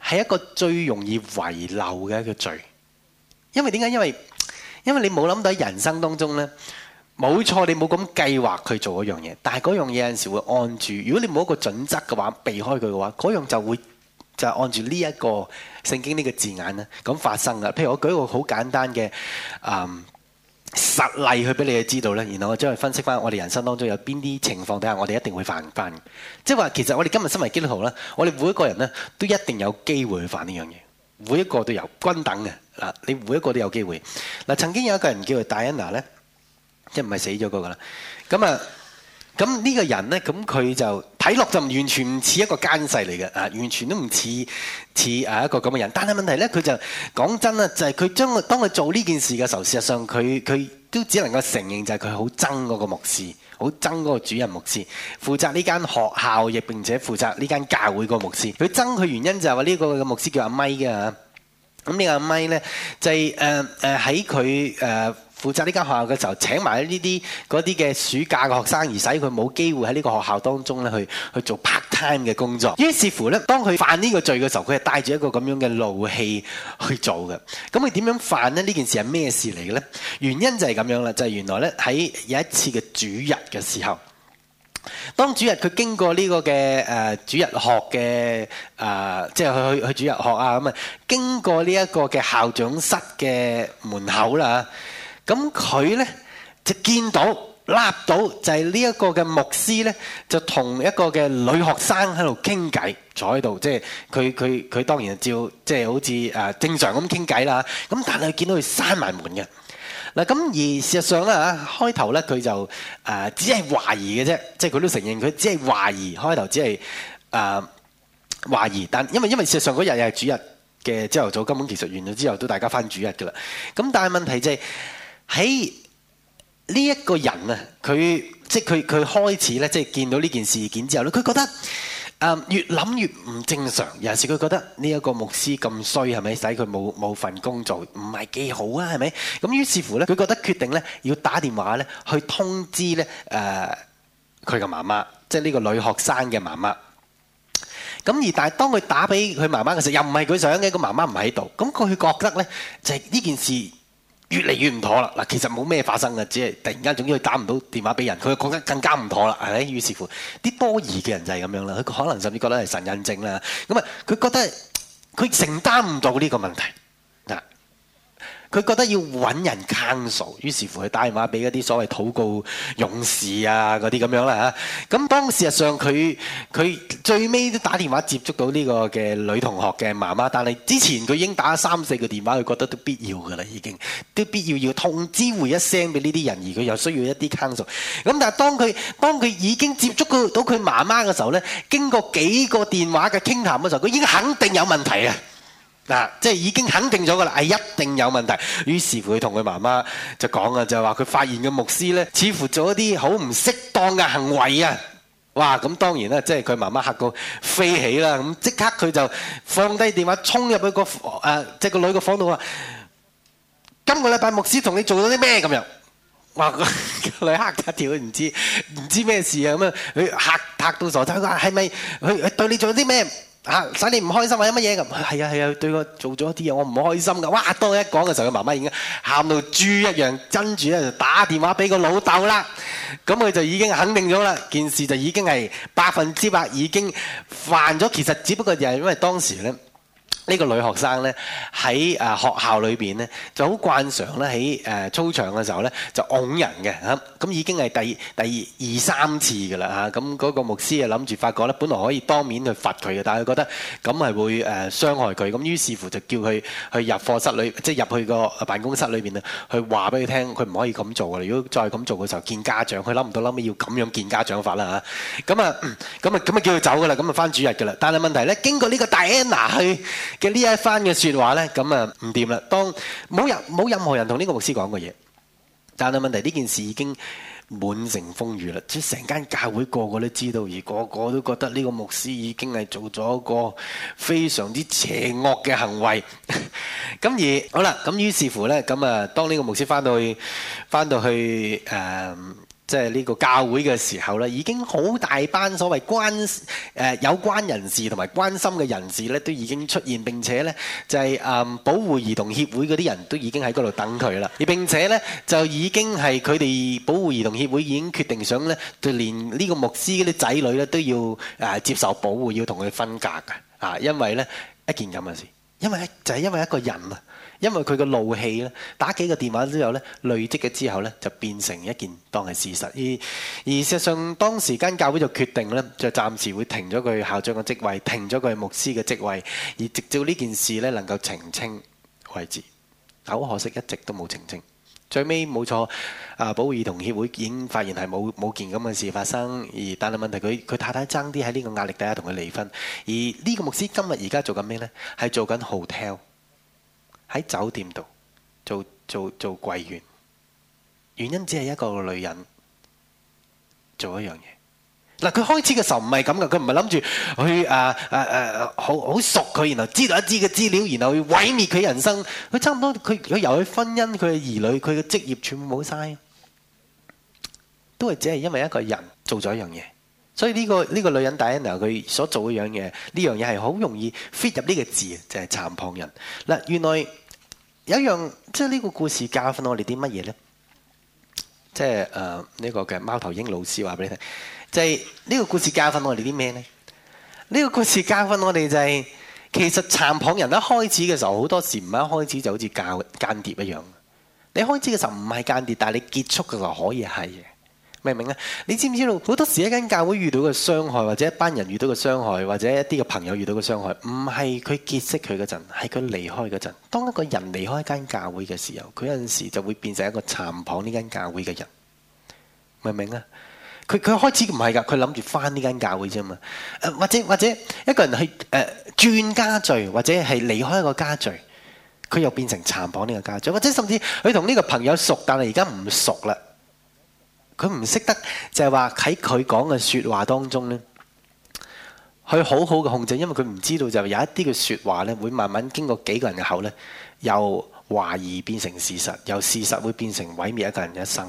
係一個最容易遺漏嘅一個罪。因為點解？因為因為你冇諗到喺人生當中咧，冇錯，你冇咁計劃去做嗰樣嘢。但係嗰樣嘢有陣時會按住。如果你冇一個準則嘅話，避開佢嘅話，嗰樣就會。就按住呢一個聖經呢個字眼咧，咁發生噶。譬如我舉一個好簡單嘅誒、呃、實例去俾你哋知道咧，然後我將佢分析翻，我哋人生當中有邊啲情況底下，我哋一定會犯翻。即係話其實我哋今日身為基督徒咧，我哋每一個人咧都一定有機會去犯呢樣嘢，每一個都有均等嘅，嗱，你每一個都有機會。嗱、呃、曾經有一個人叫做戴安娜咧，即係唔係死咗個啦，咁啊。咁呢個人呢，咁佢就睇落就完全唔似一個奸細嚟嘅，啊，完全都唔似似啊一個咁嘅人。但係問題呢，佢就講真啦，就係、係、佢將當佢做呢件事嘅時候，事實上佢佢都只能夠承認就係佢好憎嗰個牧師，好憎嗰個主任牧師，負責呢間學校亦並且負責呢間教會個牧師。佢憎佢原因就係話呢個牧師叫阿咪嘅嚇。咁呢個阿咪呢，就係誒誒喺佢誒。呃呃負責呢間學校嘅時候，請埋呢啲嗰啲嘅暑假嘅學生，而使佢冇機會喺呢個學校當中咧去去做 part time 嘅工作。於是乎咧，當佢犯呢個罪嘅時候，佢係帶住一個咁樣嘅怒氣去做嘅。咁佢點樣犯呢？呢件事係咩事嚟嘅呢？原因就係咁樣啦，就係、是、原來咧喺有一次嘅主日嘅時候，當主日佢經過呢、這個嘅誒、呃、主日學嘅啊，即、呃、係、就是、去去去主日學啊咁啊，經過呢一個嘅校長室嘅門口啦。咁佢呢，就見到、立到就係呢一個嘅牧師呢，就同一個嘅女學生喺度傾偈坐喺度，即係佢佢佢當然照即係、就是、好似誒正常咁傾偈啦。咁但係見到佢閂埋門嘅嗱，咁而事實上呢，嚇開頭咧佢就誒、呃、只係懷疑嘅啫，即係佢都承認佢只係懷疑，開頭只係誒、呃、懷疑。但因為因為事實上嗰日又係主日嘅朝頭早，根本其實完咗之後都大家返主日噶啦。咁但係問題就係、是。喺呢一個人啊，佢即係佢佢開始咧，即係見到呢件事件之後咧，佢覺得誒、呃、越諗越唔正常。有陣時佢覺得呢一個牧師咁衰，係咪使佢冇冇份工作？唔係幾好啊，係咪？咁於是乎咧，佢覺得決定咧要打電話咧去通知咧誒佢嘅媽媽，即係呢個女學生嘅媽媽。咁而但係當佢打俾佢媽媽嘅時候，又唔係佢想嘅，個媽媽唔喺度。咁佢覺得咧就係、是、呢件事。越嚟越唔妥啦！嗱，其實冇咩發生嘅，只係突然間總之佢打唔到電話俾人，佢講得更加唔妥啦。係咪？於是乎啲多疑嘅人就係咁樣啦。佢可能甚至覺得係神印症啦。咁啊，佢覺得佢承擔唔到呢個問題嗱。佢覺得要揾人 consult，於是乎佢打電話俾一啲所謂禱告勇士啊嗰啲咁樣啦嚇。咁當事實上佢佢最尾都打電話接觸到呢個嘅女同學嘅媽媽，但係之前佢已經打咗三四個電話，佢覺得都必要噶啦，已經都必要要通知回一聲俾呢啲人，而佢又需要一啲 consult。咁但係當佢當佢已經接觸到佢媽媽嘅時候呢，經過幾個電話嘅傾談嘅時候，佢已經肯定有問題啊！嗱，即係已經肯定咗噶啦，係一定有問題。於是乎，佢同佢媽媽就講啊，就係話佢發現個牧師咧，似乎做一啲好唔適當嘅行為啊！哇，咁當然啦，即係佢媽媽嚇到飛起啦。咁即刻佢就放低電話，衝入去個誒即係個女嘅房度話：今個禮拜牧師同你做咗啲咩咁樣？哇，個女嚇得跳都唔知，唔知咩事啊咁啊！佢嚇嚇到傻仔，佢話係咪佢佢對你做咗啲咩？嚇、啊！使你唔開心為咗乜嘢？咁係啊係啊，啊，對我做咗一啲嘢，我唔開心噶。哇！當我一講嘅時候，佢媽媽已經喊到豬一樣，跟住咧就打電話俾個老豆啦。咁、嗯、佢就已經肯定咗啦，件事就已經係百分之百已經犯咗。其實只不過就係因為當時咧，呢、這個女學生咧喺誒學校裏面咧就好慣常咧喺操場嘅時候咧就拱人嘅嚇咁已經係第第二，第二三次㗎啦嚇，咁、那、嗰個牧師啊諗住發覺咧，本來可以當面去罰佢嘅，但係佢覺得咁係會誒傷害佢，咁於是乎就叫佢去入課室裏，即係入去個辦公室裏邊啊，去話俾佢聽，佢唔可以咁做㗎。如果再咁做嘅時候見家長，佢諗唔到諗咩要咁樣見家長法啦嚇。咁啊，咁啊，咁啊叫佢走㗎啦，咁啊翻主日㗎啦。但係問題咧，經過呢個戴安娜去嘅呢一番嘅説話咧，咁啊唔掂啦。當冇人冇任何人同呢個牧師講過嘢。但係問題呢件事已經滿城風雨啦，即成間教會個個都知道，而個個都覺得呢個牧師已經係做咗一個非常之邪惡嘅行為。咁 而好啦，咁於是乎呢，咁啊，當呢個牧師返到去，返到去、嗯即係呢個教會嘅時候咧，已經好大班所謂關誒有關人士同埋關心嘅人士咧，都已經出現，並且咧就係誒保護兒童協會嗰啲人都已經喺嗰度等佢啦，而並且咧就已經係佢哋保護兒童協會已經決定想咧就連呢個牧師嗰啲仔女咧都要誒接受保護，要同佢分隔嘅啊，因為咧一件咁嘅事。因為就係、是、因為一個人啊，因為佢個怒氣咧，打幾個電話之後咧，累積嘅之後咧，就變成一件當係事實。而而事實上，當時間教會就決定咧，就暫時會停咗佢校長嘅職位，停咗佢牧師嘅職位，而直到呢件事咧，能夠澄清為止。但好可惜一直都冇澄清。最尾冇錯，啊保護兒童協會已經發現係冇冇件咁嘅事發生，而但係問題佢佢太太爭啲喺呢個壓力底下同佢離婚，而呢個牧師今日而家做緊咩呢？係做緊 hotel，喺酒店度做做做櫃員，原因只係一個女人做一樣嘢。嗱，佢開始嘅時候唔係咁噶，佢唔係諗住去誒誒誒，好好熟佢，然後知道一知嘅資料，然後去毀滅佢人生。佢差唔多，佢如由於婚姻，佢嘅兒女，佢嘅職業，職業全部冇晒，都係只係因為一個人做咗一樣嘢。所以呢、這個呢、這個女人戴安娜，然後佢所做嘅樣嘢，呢樣嘢係好容易 fit 入呢個字，就係讒謗人。嗱，原來有一樣，即係呢個故事教翻我哋啲乜嘢咧？即係誒，呢、呃這個嘅貓頭鷹老師話俾你聽。就係、是、呢個故事教訓我哋啲咩呢？呢、這個故事教訓我哋就係、是、其實讒謗人一開始嘅時候，好多時唔係一開始就好似間間諜一樣。你開始嘅時候唔係間諜，但係你結束嘅時候可以係嘅。明唔明啊？你知唔知道好多時一間教會遇到嘅傷害，或者一班人遇到嘅傷害，或者一啲嘅朋友遇到嘅傷害，唔係佢結識佢嗰陣，係佢離開嗰陣。當一個人離開一間教會嘅時候，佢有陣時就會變成一個讒謗呢間教會嘅人。明唔明啊？佢佢開始唔係噶，佢諗住翻呢間教會啫嘛。誒、呃、或者或者一個人去誒、呃、轉家聚，或者係離開一個家聚，佢又變成殘破呢個家長，或者甚至佢同呢個朋友熟，但係而家唔熟啦。佢唔識得就係話喺佢講嘅説話當中咧，去好好嘅控制，因為佢唔知道就有一啲嘅説話咧，會慢慢經過幾個人嘅口咧，由懷疑變成事實，由事實會變成毀滅一個人的一生。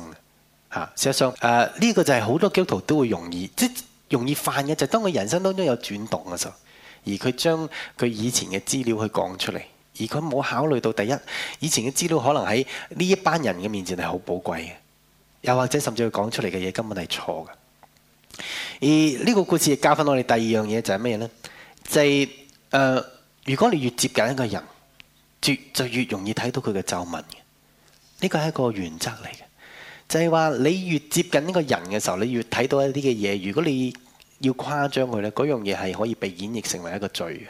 事實上，誒呢個就係好多基督徒都會容易，即容易犯嘅，就係當佢人生當中有轉動嘅時候，而佢將佢以前嘅資料去講出嚟，而佢冇考慮到第一，以前嘅資料可能喺呢一班人嘅面前係好寶貴嘅，又或者甚至佢講出嚟嘅嘢根本係錯嘅。而呢個故事教訓我哋第二樣嘢就係咩呢？就係誒，如果你越接近一個人，就越就越容易睇到佢嘅皺紋嘅，呢個係一個原則嚟。就係話，你越接近呢個人嘅時候，你越睇到一啲嘅嘢。如果你要誇張佢咧，嗰樣嘢係可以被演繹成為一個罪嘅。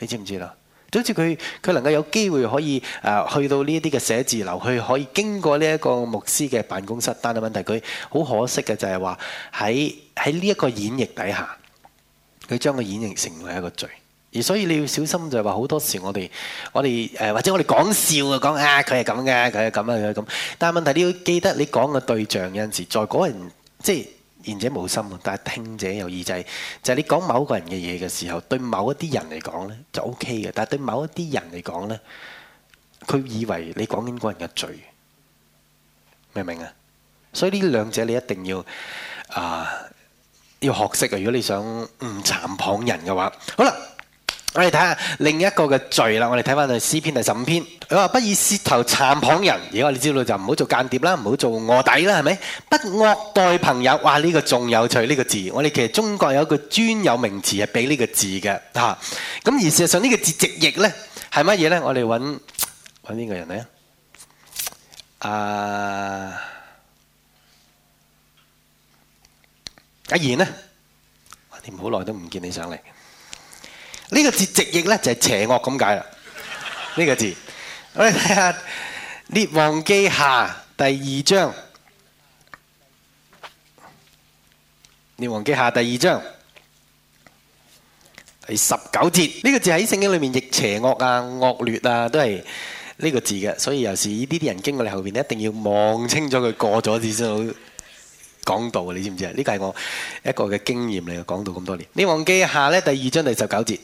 你知唔知啦？就好似佢，佢能夠有機會可以誒、呃、去到呢一啲嘅寫字樓，去可以經過呢一個牧師嘅辦公室。但係問題，佢好可惜嘅就係話，喺喺呢一個演繹底下，佢將佢演繹成為一個罪。而所以你要小心，就係話好多時我哋我哋誒或者我哋講笑就啊，講啊佢係咁嘅，佢係咁啊，佢係咁。但係問題你要記得，你講嘅對象有陣時，在嗰人即係言者無心，但係聽者有意。就係就係你講某個人嘅嘢嘅時候，對某一啲人嚟講咧就 O K 嘅，但係對某一啲人嚟講咧，佢以為你講緊嗰人嘅罪，明唔明啊？所以呢兩者你一定要啊、呃、要學識啊！如果你想唔讒謗人嘅話，好啦。我哋睇下另一個嘅罪啦，我哋睇翻去詩篇第十五篇，佢話不以舌頭讒謗人，如果我哋知道就唔好做間諜啦，唔好做卧底啦，係咪？不惡待朋友，哇！呢、這個仲有趣，呢、這個字，我哋其實中國有一句專有名詞係俾呢個字嘅嚇。咁、啊、而事實上呢個字直譯呢係乜嘢呢？我哋揾揾邊個人咧、啊？阿阿言咧，我哋好耐都唔見你上嚟。呢個字直譯咧就係邪惡咁解啦。呢個字，我哋睇下《列王記下》第二章，《列王記下》第二章第十九節。呢個字喺聖經裏面亦邪惡啊、惡劣啊，都係呢個字嘅。所以有時呢啲啲人經過你後邊咧，一定要望清楚咗佢過咗至先好講道啊！你知唔知啊？呢個係我一個嘅經驗嚟嘅，講道咁多年。《列王記下》咧第二章第十九節。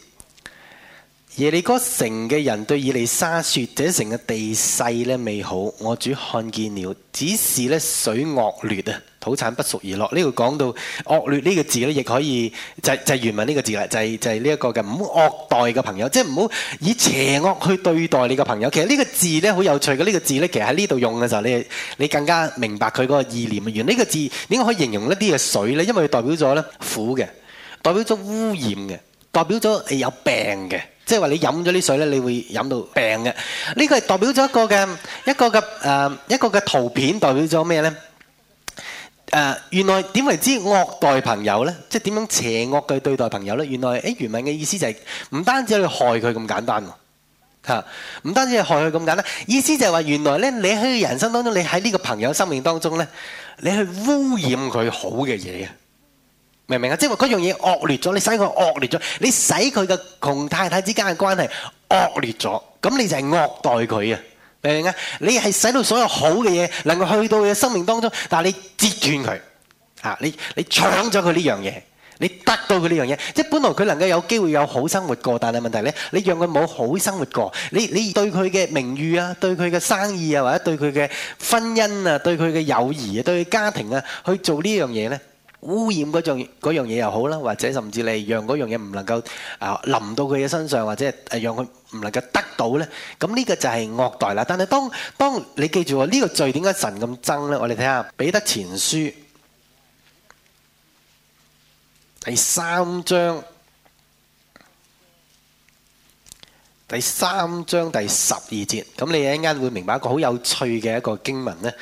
耶利哥城嘅人對以利沙說：這城嘅地勢咧美好，我主看見了，只是咧水惡劣啊，土產不熟而落。呢度講到惡劣呢個字咧，亦可以就係、就係、原文呢個字啦，就係、就係、呢一個嘅唔好惡待嘅朋友，即係唔好以邪惡去對待你嘅朋友。其實呢個字咧好有趣嘅，呢個字咧其實喺呢度用嘅時候，你你更加明白佢個意念啊。原來呢個字點解可以形容一啲嘅水咧？因為佢代表咗咧苦嘅，代表咗污染嘅，代表咗有病嘅。即係話你飲咗啲水咧，你會飲到病嘅。呢個係代表咗一個嘅一個嘅誒一個嘅圖片，代表咗咩咧？誒原來點為之惡待朋友咧？即係點樣邪惡嘅對待朋友咧？原來誒原文嘅意思就係唔單止去害佢咁簡單喎嚇，唔單止係害佢咁簡單，意思就係話原來咧，你喺人生當中，你喺呢個朋友生命當中咧，你去污染佢好嘅嘢啊！明唔明啊？即係話嗰樣嘢惡劣咗，你使佢惡劣咗，你使佢嘅窮太太之間嘅關係惡劣咗，咁你就係惡待佢啊！明唔明啊？你係使到所有好嘅嘢能夠去到佢嘅生命當中，但係你截斷佢，吓你你搶咗佢呢樣嘢，你得到佢呢樣嘢，即係本來佢能夠有機會有好生活過，但係問題咧，你讓佢冇好生活過，你你對佢嘅名譽啊，對佢嘅生意啊，或者對佢嘅婚姻啊，對佢嘅友誼啊，對佢家庭啊，去做呢樣嘢咧？污染嗰樣嘢又好啦，或者甚至你讓嗰樣嘢唔能夠啊淋到佢嘅身上，或者誒讓佢唔能夠得到咧，咁呢個就係惡待啦。但係當當你記住呢個罪點解神咁憎咧？我哋睇下彼得前書第三章第三章第十二節，咁你一陣間會明白一個好有趣嘅一個經文咧。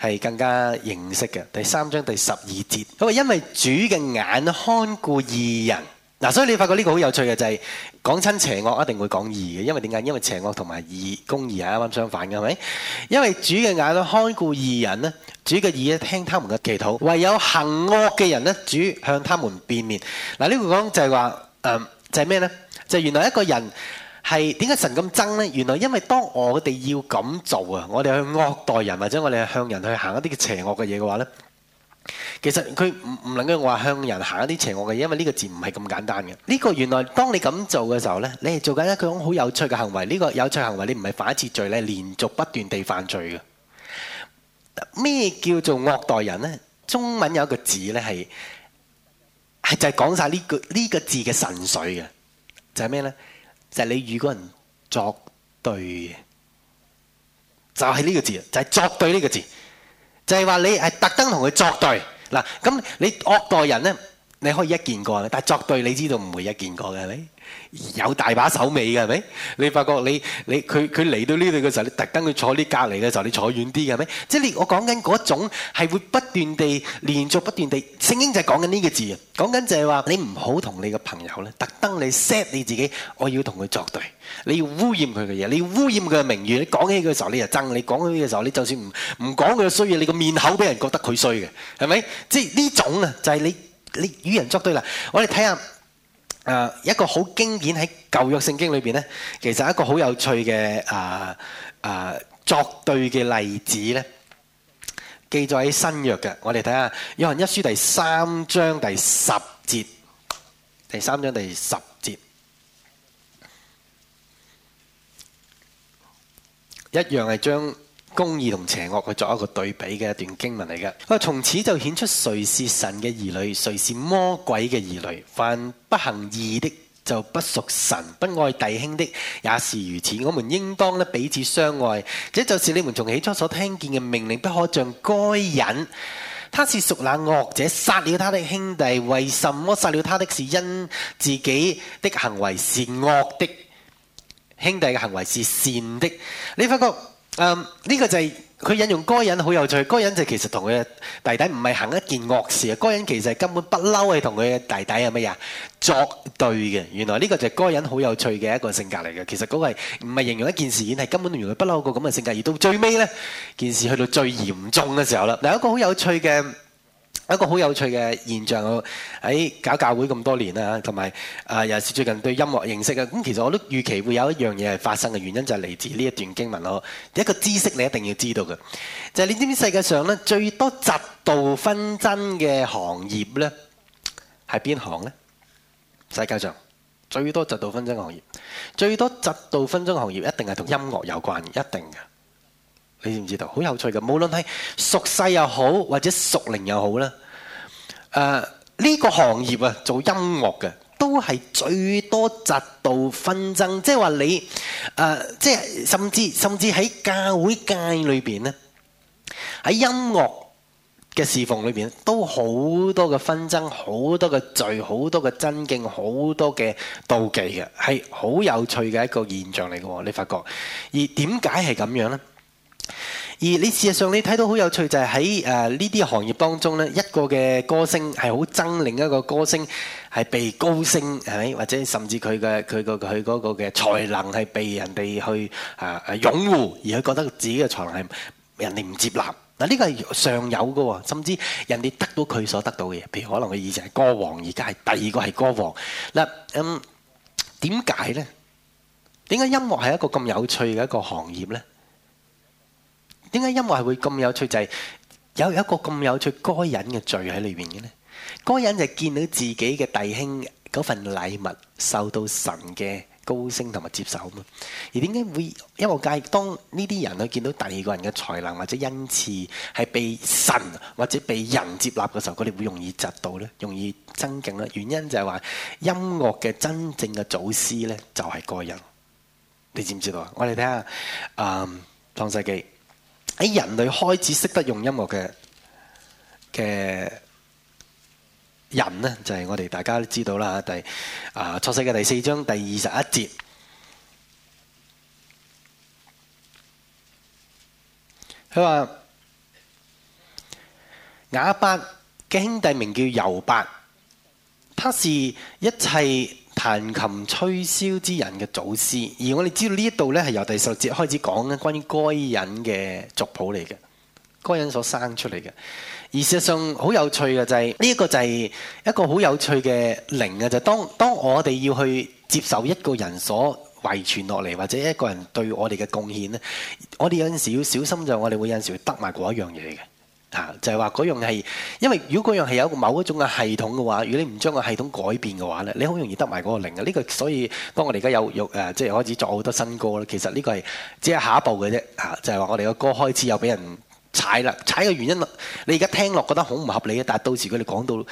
係更加認識嘅第三章第十二節，因為因為主嘅眼看顧義人，嗱，所以你發覺呢個好有趣嘅就係講親邪惡一定會講義嘅，因為點解？因為邪惡同埋義公義係啱啱相反嘅，係咪？因為主嘅眼呢看顧義人呢，主嘅耳呢聽他們嘅祈禱，唯有行惡嘅人呢，主向他們變面。嗱，呢句講就係話，誒、嗯、就係、是、咩呢？就係、原來一個人。係點解神咁憎呢？原來因為當我哋要咁做啊，我哋去惡待人或者我哋向人去行一啲嘅邪惡嘅嘢嘅話呢，其實佢唔唔能夠話向人行一啲邪惡嘅嘢，因為呢個字唔係咁簡單嘅。呢個原來當你咁做嘅時候呢，你係做緊一個好有趣嘅行為。呢個有趣的行為你唔係犯一次罪咧，連續不斷地犯罪嘅。咩叫做惡待人呢？中文有一個字呢，係係就係講晒呢句呢個字嘅神髓嘅，就係咩呢？就係、是、你如果人作對就係呢個字就係作對呢個字，就係話你係特登同佢作對嗱。咁你惡待人呢，你可以一見過，但係作對你知道唔會一見過嘅，係咪？有大把手尾嘅，係咪？你發覺你你佢佢嚟到呢度嘅時候，你特登去坐呢隔籬嘅時候，你坐遠啲嘅，係咪？即係你我講緊嗰種係會不斷地連續不斷地，聖經就係講緊呢個字啊，講緊就係話你唔好同你嘅朋友咧，特登你 set 你自己，我要同佢作對，你要污染佢嘅嘢，你要污染佢嘅名譽，你講起佢嘅時候你就憎，你講起佢嘅時候你就算唔唔講佢衰嘢，你個面口俾人覺得佢衰嘅，係咪？即係呢種啊，就係你你與人作對啦。我哋睇下。誒一個好經典喺舊約聖經裏邊咧，其實一個好有趣嘅誒誒作對嘅例子咧，記載喺新約嘅。我哋睇下《約翰一書》第三章第十節，第三章第十節一樣係將。公義同邪惡去作一個對比嘅一段經文嚟嘅，佢從此就顯出誰是神嘅兒女，誰是魔鬼嘅兒女。凡不行義的就不屬神，不愛弟兄的也是如此。我們應當咧彼此相愛，這就是你們從起初所聽見嘅命令：不可像該隱，他是屬那惡者，殺了他的兄弟。為什麼殺了他的？是因自己的行為是惡的，兄弟嘅行為是善的。你發覺？誒、um，呢個就係、是、佢引用嗰人好有趣，嗰人就其實同佢嘅弟弟唔係行一件惡事啊！嗰人其實係根本不嬲係同佢嘅弟弟係乜嘢作對嘅。原來呢個就係嗰人好有趣嘅一個性格嚟嘅。其實嗰個係唔係形容一件事，而係根本原來不嬲個咁嘅性格。而到最尾呢件事去到最嚴重嘅時候啦。嗱，有一個好有趣嘅。一個好有趣嘅現象，我喺搞教會咁多年啦，同埋誒尤其是最近對音樂認識啊，咁其實我都預期會有一樣嘢係發生嘅，原因就係嚟自呢一段經文咯。我第一個知識你一定要知道嘅，就係、是、你知唔知世界上咧最多紮度紛爭嘅行業咧係邊行呢？世界上最多紮度紛爭行業，最多紮度紛爭行業一定係同音樂有關，一定嘅。你知唔知道？好有趣嘅，無論係屬世又好，或者屬靈又好啦。誒、呃，呢、這個行業啊，做音樂嘅都係最多雜道紛爭，即係話你誒，即、呃、係、就是、甚至甚至喺教會界裏邊咧，喺音樂嘅侍奉裏邊都好多嘅紛爭，好多嘅罪，好多嘅爭競，好多嘅妒忌嘅，係好有趣嘅一個現象嚟嘅。你發覺，而點解係咁樣呢？而你事實上你睇到好有趣就係喺誒呢啲行業當中咧，一個嘅歌星係好憎，另一個歌星係被高升，係咪？或者甚至佢嘅佢個佢嗰個嘅才能係被人哋去誒誒擁護，而佢覺得自己嘅才能係人哋唔接納。嗱呢個係常有噶，甚至人哋得到佢所得到嘅嘢，譬如可能佢以前係歌王，而家係第二個係歌王。嗱咁點解咧？點解音樂係一個咁有趣嘅一個行業咧？點解音樂係會咁有趣？就係、有、有一個咁有趣該隱嘅罪喺裏邊嘅咧。該隱就見到自己嘅弟兄嗰份禮物受到神嘅高升同埋接受啊嘛。而點解會音樂界當呢啲人去見到第二個人嘅才能或者恩賜係被神或者被人接納嘅時候，佢哋會容易嫉妒咧，容易爭競咧？原因就係話音樂嘅真正嘅祖師咧就係該隱。你知唔知道啊？我哋睇下啊，創、嗯、世記。喺人類開始識得用音樂嘅嘅人咧，就係、是、我哋大家都知道啦。第啊創世記嘅第四章第二十一節，佢話雅八嘅兄弟名叫猶八，他是一切，彈琴吹簫之人嘅祖師，而我哋知道呢一度呢係由第十六節開始講嘅，關於該人嘅族譜嚟嘅，該人所生出嚟嘅。而事實上好有趣嘅就係呢一個就係一個好有趣嘅靈嘅就當當我哋要去接受一個人所遺傳落嚟或者一個人對我哋嘅貢獻呢，我哋有陣時要小心就我哋會有陣時會得埋嗰一樣嘢嘅。嚇、就是，就係話嗰樣係，因為如果嗰樣係有某一種嘅系統嘅話，如果你唔將個系統改變嘅話咧，你好容易得埋嗰個零啊！呢、這個所以，當我哋而家有有誒，即係、呃就是、開始作好多新歌咧，其實呢個係只係下一步嘅啫。嚇，就係、是、話我哋嘅歌開始又俾人踩啦，踩嘅原因，你而家聽落覺得好唔合理啊，但係到時佢哋講到。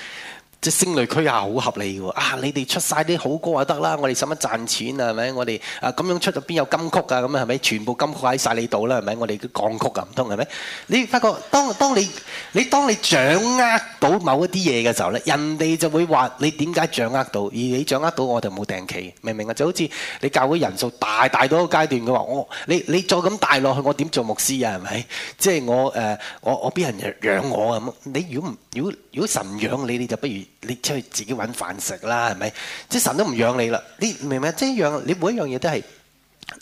即係星累區啊，好合理喎、啊！啊，你哋出晒啲好歌啊得啦，我哋使乜賺錢啊？係咪？我哋啊咁樣出咗邊有金曲啊？咁樣係咪？全部金曲喺晒你度啦？係咪？我哋啲降曲啊，唔通係咪？你發覺當，當你你當你掌握到某一啲嘢嘅時候咧，人哋就會話你點解掌握到？而你掌握到，我哋冇定期，明唔明啊？就好似你教會人數大大多個階段，佢話我你你再咁大落去，我點做牧師啊？係咪？即係我誒我我俾人養我啊？咁你如果唔如果如果神養你，你就不如。你出去自己揾飯食啦，係咪？即係神都唔養你啦，你明唔明？即係一樣，你每一樣嘢都係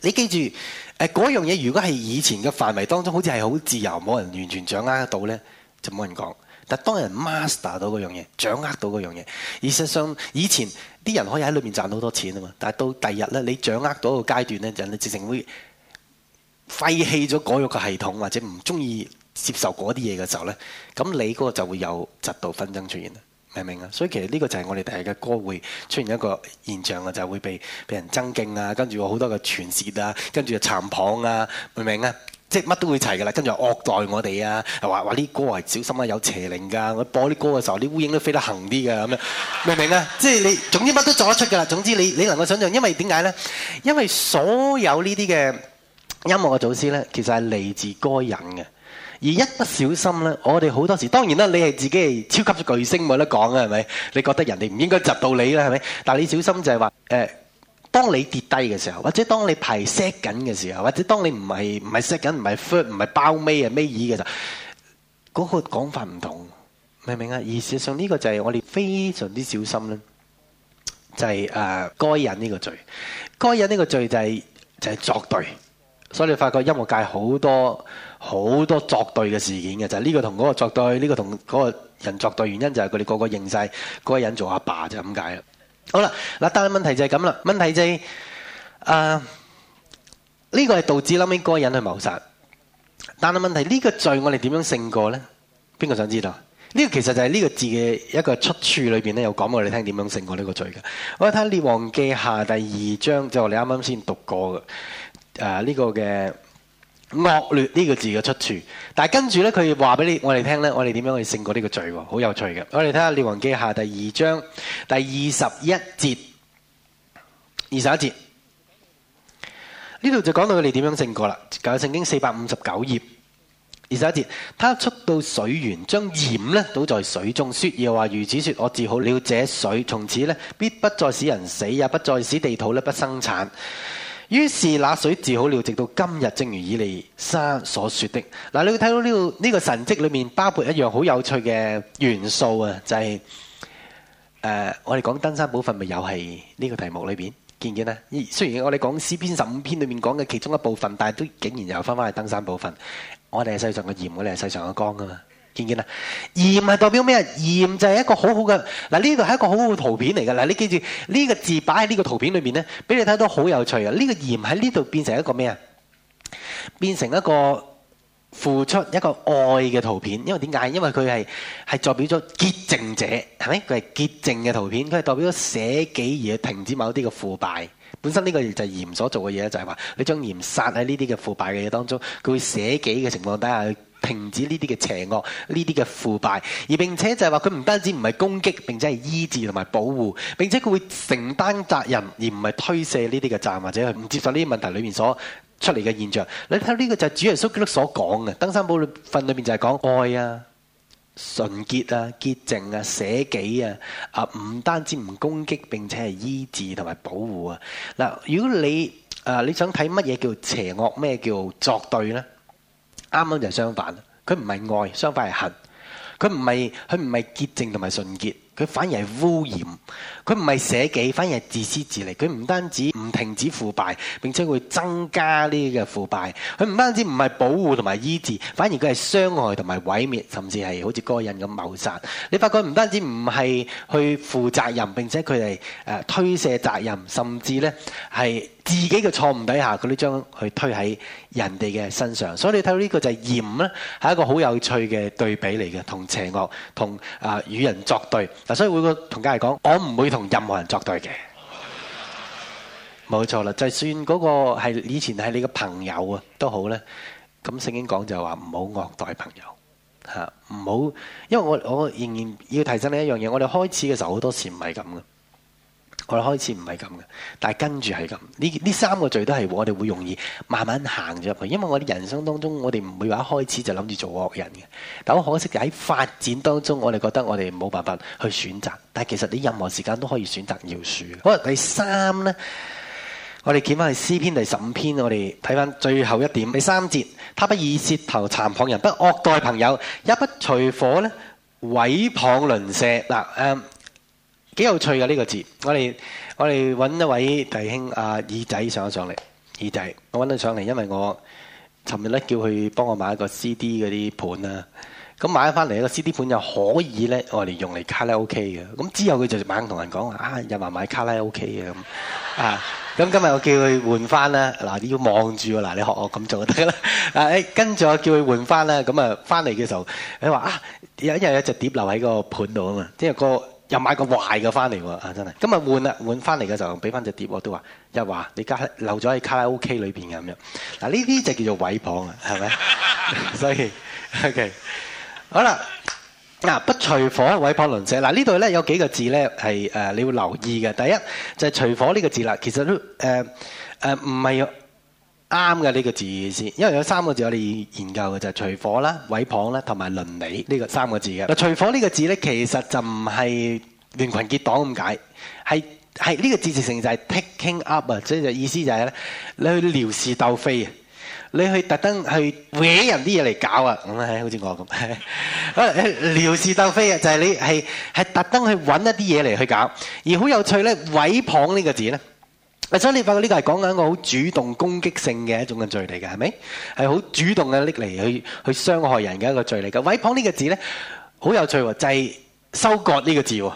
你記住。誒、呃，嗰樣嘢如果係以前嘅範圍當中，好似係好自由，冇人完全掌握得到呢，就冇人講。但係當人 master 到嗰樣嘢，掌握到嗰樣嘢，事實上以前啲人可以喺裏邊賺好多錢啊嘛。但係到第日呢，你掌握到個階段呢，人哋直情會廢棄咗嗰個系統，或者唔中意接受嗰啲嘢嘅時候呢，咁你嗰個就會有疾度紛爭出現啦。明明啊？所以其實呢個就係我哋第日嘅歌會出現一個現象啊，就係、是、會被被人增敬啊，跟住有好多嘅傳説啊，跟住就讒謗啊，明明啊？即係乜都會齊噶啦，跟住惡待我哋啊，又話話啲歌係小心啊，有邪靈噶，我播啲歌嘅時候，啲烏蠅都飛得行啲噶咁樣，明明啊？即係你總之乜都做得出噶啦。總之你你能夠想象，因為點解咧？因為所有呢啲嘅音樂嘅祖師咧，其實係嚟自歌人嘅。而一不小心咧，我哋好多時當然啦，你係自己係超級巨星冇得講啊，係咪？你覺得人哋唔應該窒到你咧，係咪？但係你小心就係話誒，當你跌低嘅時候，或者當你排 set 緊嘅時候，或者當你唔係唔係 set 緊唔係 foot 唔係包尾啊尾耳嘅時候，嗰個講法唔同，明唔明啊？而事實上呢個就係我哋非常之小心咧，就係誒該隱呢個罪，該隱呢個罪就係就係作對，所以你發覺音樂界好多。好多作對嘅事件嘅，就係呢個同嗰個作對，呢個同嗰個人作對，原因就係佢哋個個認晒嗰個人做阿爸，就咁解啦。好啦，嗱，但係問題就係咁啦。問題就係誒呢個係導致諗起嗰個人去謀殺，但係問題呢個罪我哋點樣勝過咧？邊個想知道？呢個其實就係呢個字嘅一個出處裏邊咧，有講過你聽點樣勝過呢個罪嘅。我睇下列王記下第二章，就我哋啱啱先讀過誒呢個嘅。惡劣呢個字嘅出處，但係跟住呢，佢話俾你我哋聽呢，我哋點樣去勝過呢個罪？好有趣嘅，我哋睇下《列王記下》第二章第二十一節。二十一節呢度就講到佢哋點樣勝過啦。舊聖經四百五十九頁，二十一節，他出到水源，將鹽呢倒在水中雪，說：又話如此說，我治好了這水，從此呢，必不再使人死，也不再使地土呢不生產。於是那水治好了，直到今日，正如以利沙所說的。嗱、這個，你會睇到呢個呢個神蹟裏面包括一樣好有趣嘅元素啊，就係、是呃、我哋講登山部分咪又係呢個題目裏邊見唔見啦。雖然我哋講詩篇十五篇裏面講嘅其中一部分，但係都竟然又翻翻去登山部分。我哋係世上嘅鹽，我哋係世上嘅光啊嘛。見見啦，鹽係代表咩啊？鹽就係一個好好嘅嗱，呢度係一個好好嘅圖片嚟嘅嗱。你記住呢個字擺喺呢個圖片裏面咧，俾你睇到好有趣啊！呢個鹽喺呢度變成一個咩啊？變成一個付出一個愛嘅圖片，因為點解？因為佢係係代表咗潔淨者，係咪？佢係潔淨嘅圖片，佢係代表咗捨己而停止某啲嘅腐敗。本身呢個字就係鹽所做嘅嘢，就係話你將鹽撒喺呢啲嘅腐敗嘅嘢當中，佢會捨己嘅情況底下。停止呢啲嘅邪惡，呢啲嘅腐敗，而並且就係話佢唔單止唔係攻擊，並且係醫治同埋保護，並且佢會承擔責任，而唔係推卸呢啲嘅責任或者係唔接受呢啲問題裏面所出嚟嘅現象。你睇呢個就係主耶穌基督所講嘅登山寶訓裏面就係講愛啊、純潔啊、潔淨啊、捨己啊啊，唔單止唔攻擊，並且係醫治同埋保護啊。嗱，如果你啊你想睇乜嘢叫邪惡，咩叫作對呢？啱啱就係相反，佢唔係愛，相反係恨。佢唔係佢唔係潔淨同埋純潔，佢反而係污染。佢唔係捨己，反而係自私自利。佢唔單止唔停止腐敗，並且會增加呢個腐敗。佢唔單止唔係保護同埋醫治，反而佢係傷害同埋毀滅，甚至係好似嗰個人咁謀殺。你發覺唔單止唔係去負責任，並且佢係誒推卸責任，甚至呢係自己嘅錯誤底下，佢都將佢推喺人哋嘅身上。所以你睇到呢個就係嚴咧，係一個好有趣嘅對比嚟嘅，同邪惡、同啊與人作對嗱。所以會個同家嚟講，我唔會。同任何人作對嘅，冇錯啦。就算嗰個係以前係你嘅朋友啊，都好咧。咁聖經講就係話唔好惡待朋友，吓，唔好。因為我我仍然要提醒你一樣嘢，我哋開始嘅時候好多時唔係咁嘅。我哋開始唔係咁嘅，但係跟住係咁。呢呢三個罪都係我哋會容易慢慢行咗入去，因為我哋人生當中，我哋唔會話一開始就諗住做惡人嘅。但係好可惜就喺發展當中，我哋覺得我哋冇辦法去選擇。但係其實你任何時間都可以選擇饒恕。好，第三呢，我哋檢翻去詩篇第十五篇，我哋睇翻最後一點第三節：他不以舌頭讒謗人，不惡待朋友，也不隨夥呢，毀謗鄰舍。嗱，誒、呃。幾有趣嘅呢、這個字，我哋我哋揾一位弟兄啊，耳仔上一上嚟，耳仔我揾到上嚟，因為我尋日咧叫佢幫我買一個 C D 嗰啲盤啦，咁買咗翻嚟一個 C D 盤又可以咧，我哋用嚟卡拉 O K 嘅，咁之後佢就猛同人講話啊，又話買卡拉 O K 嘅咁啊，咁今日我叫佢換翻啦，嗱、啊、你要望住嗱，你學我咁做就得啦，啊誒、欸、跟住我叫佢換翻啦，咁啊翻嚟嘅時候，你話啊，因因為有隻碟留喺個盤度啊嘛，即係個。又買個壞嘅翻嚟喎啊！真係今日換啦，換翻嚟嘅時候俾翻隻碟我，都話，又話你家留咗喺卡拉 OK 裏面嘅咁樣嗱，呢、啊、啲就叫做毀謗、 okay. 啊，係咪？所以 OK 好啦，嗱不隨夥毀謗鄰舍，嗱呢度咧有幾個字咧係、呃、你要留意嘅，第一就係、是、隨夥呢、呢個字啦，其實都誒唔係。呃呃啱嘅呢個字先，因為有三個字我哋研究嘅就係、是、隨夥啦、毀謗啦同埋鄰里呢個三個字嘅。嗱，隨夥呢個字咧，其實就唔係亂群結黨咁解，係係呢個字字成就係 taking up 啊，所以就意思就係咧，你去撩事鬥非啊，你去特登去搲人啲嘢嚟搞啊，咁好似我咁， 撩事鬥非啊，就係、是、你係係特登去揾一啲嘢嚟去搞，而好有趣咧，毀謗呢個字咧。嗱，所以你發覺呢個係講緊一個好主動攻擊性嘅一種嘅罪嚟嘅，係咪？係好主動嘅拎嚟去去傷害人嘅一個罪嚟嘅。毀謗呢個字咧，好有趣喎，就係、是、收割呢個字喎，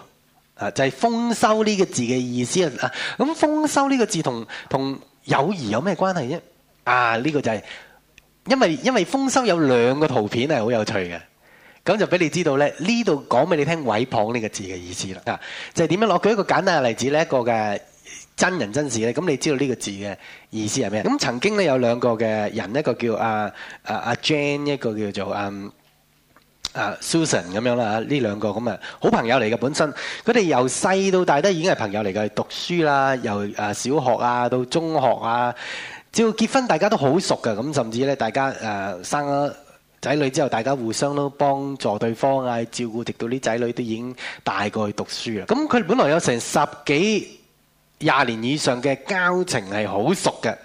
啊就係豐收呢個字嘅意思啊。咁豐收呢個字同同友誼有咩關係啫？啊，呢個，啊這個就係、是、因為因為豐收有兩個圖片係好有趣嘅，咁就俾你知道咧。呢度講俾你聽毀謗呢個字嘅意思啦、啊，就係點樣攞？舉一個簡單嘅例子呢一個嘅。真人真事咧，咁你知道呢個字嘅意思係咩？咁曾經咧有兩個嘅人，一個叫阿阿阿 Jane，一個叫做嗯啊，啊 Susan 咁樣啦，呢兩個咁啊好朋友嚟嘅本身，佢哋由細到大都已經係朋友嚟嘅，讀書啦，由啊小學啊到中學啊，只要結婚大家都好熟㗎，咁甚至咧大家誒、呃、生咗仔女之後，大家互相都幫助對方啊，照顧，直到啲仔女都已經大過去讀書啦。咁佢哋本來有成十幾廿年以上嘅交情係好熟嘅，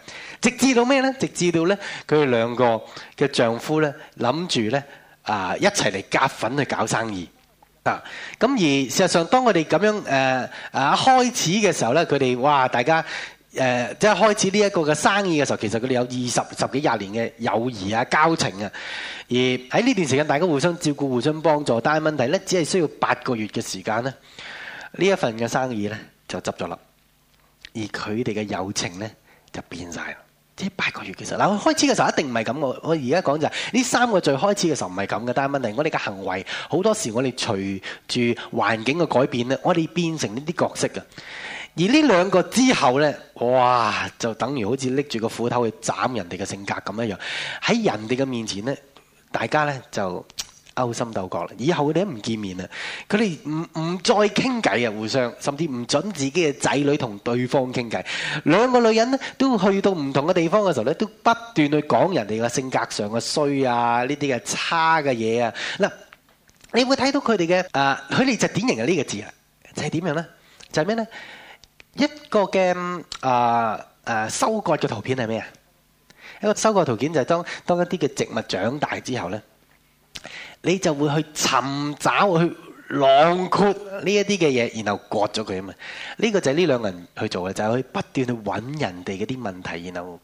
直至到咩呢？直至到呢，佢哋兩個嘅丈夫呢，諗住呢啊、呃、一齊嚟夾份去搞生意啊！咁而事實上當們這，當我哋咁樣誒啊開始嘅時候呢，佢哋哇大家誒、呃、即係開始呢一個嘅生意嘅時候，其實佢哋有二十十幾廿年嘅友誼啊交情啊，而喺呢段時間大家互相照顧、互相幫助。但係問題呢，只係需要八個月嘅時間呢，呢一份嘅生意呢，就執咗啦。而佢哋嘅友情呢，就變晒啦，即係八個月其實嗱，開始嘅時候一定唔係咁嘅。我而家講就係呢三個最開始嘅時候唔係咁嘅，但係問題我哋嘅行為好多時候我們隨環境改變，我哋隨住環境嘅改變呢，我哋變成呢啲角色嘅。而呢兩個之後呢，哇！就等於好似拎住個斧頭去斬人哋嘅性格咁一樣，喺人哋嘅面前呢，大家呢就～勾心鬥角啦！以後佢哋都唔見面啦，佢哋唔唔再傾偈啊，互相甚至唔准自己嘅仔女同對方傾偈。兩個女人咧都去到唔同嘅地方嘅時候咧，都不斷去講人哋嘅性格上嘅衰啊，呢啲嘅差嘅嘢啊。嗱，你會睇到佢哋嘅誒，佢哋就典型嘅呢個字啊，就係點樣咧？就係咩咧？一個嘅誒誒收割嘅圖片係咩啊？一個收割圖片就係當當一啲嘅植物長大之後咧。你就會去尋找、去囊括呢一啲嘅嘢，然後割咗佢啊嘛！呢個就係呢兩個人去做嘅，就係去不斷去揾人哋嗰啲問題，然後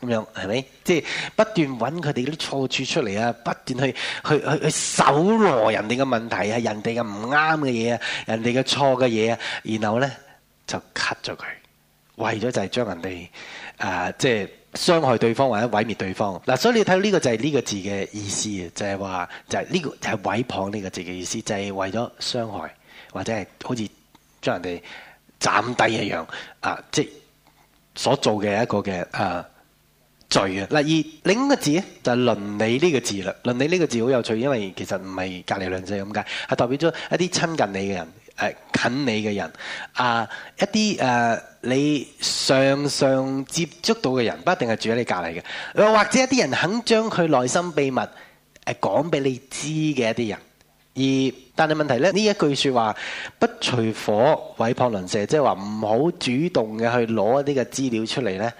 咁樣係咪？即係不斷揾佢哋嗰啲錯處出嚟啊！不斷去去去去搜羅人哋嘅問題啊，人哋嘅唔啱嘅嘢啊，人哋嘅錯嘅嘢啊，然後咧就 cut 咗佢，為咗就係將人哋誒即係。傷害對方或者毀滅對方嗱、啊，所以你睇到呢個就係呢個字嘅意思就係話就係呢個就係毀謗呢個字嘅意思，就係、是就是就是、為咗傷害或者係好似將人哋斬低一樣啊，即係所做嘅一個嘅誒、啊、罪啊嗱。而另一個字咧就係、是、鄰里呢個字啦，鄰里呢個字好有趣，因為其實唔係隔離鄰舍咁解，係代表咗一啲親近你嘅人。誒近你嘅人啊，一啲誒、啊、你常常接觸到嘅人，不一定係住喺你隔離嘅，又或者一啲人肯將佢內心秘密誒、啊、講俾你知嘅一啲人，而但係問題咧，呢一句説話不隨夥毀謗鄰舍，即係話唔好主動嘅去攞一啲嘅資料出嚟咧，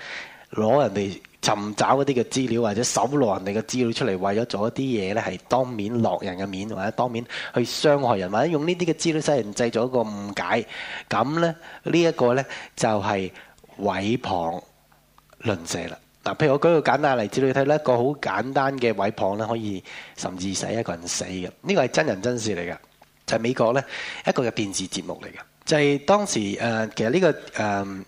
攞人哋。尋找嗰啲嘅資料，或者搜羅人哋嘅資料出嚟，為咗做一啲嘢咧，係當面落人嘅面，或者當面去傷害人，或者用呢啲嘅資料使人製造一個誤解。咁咧，這個、呢一個咧就係毀謗論者啦。嗱，譬如我舉個簡單嘅例子，你睇咧一個好簡單嘅毀謗咧，可以甚至使一個人死嘅。呢個係真人真事嚟㗎，就係、是、美國咧一個嘅電視節目嚟嘅。就係、是、當時誒、呃，其實呢、這個誒。呃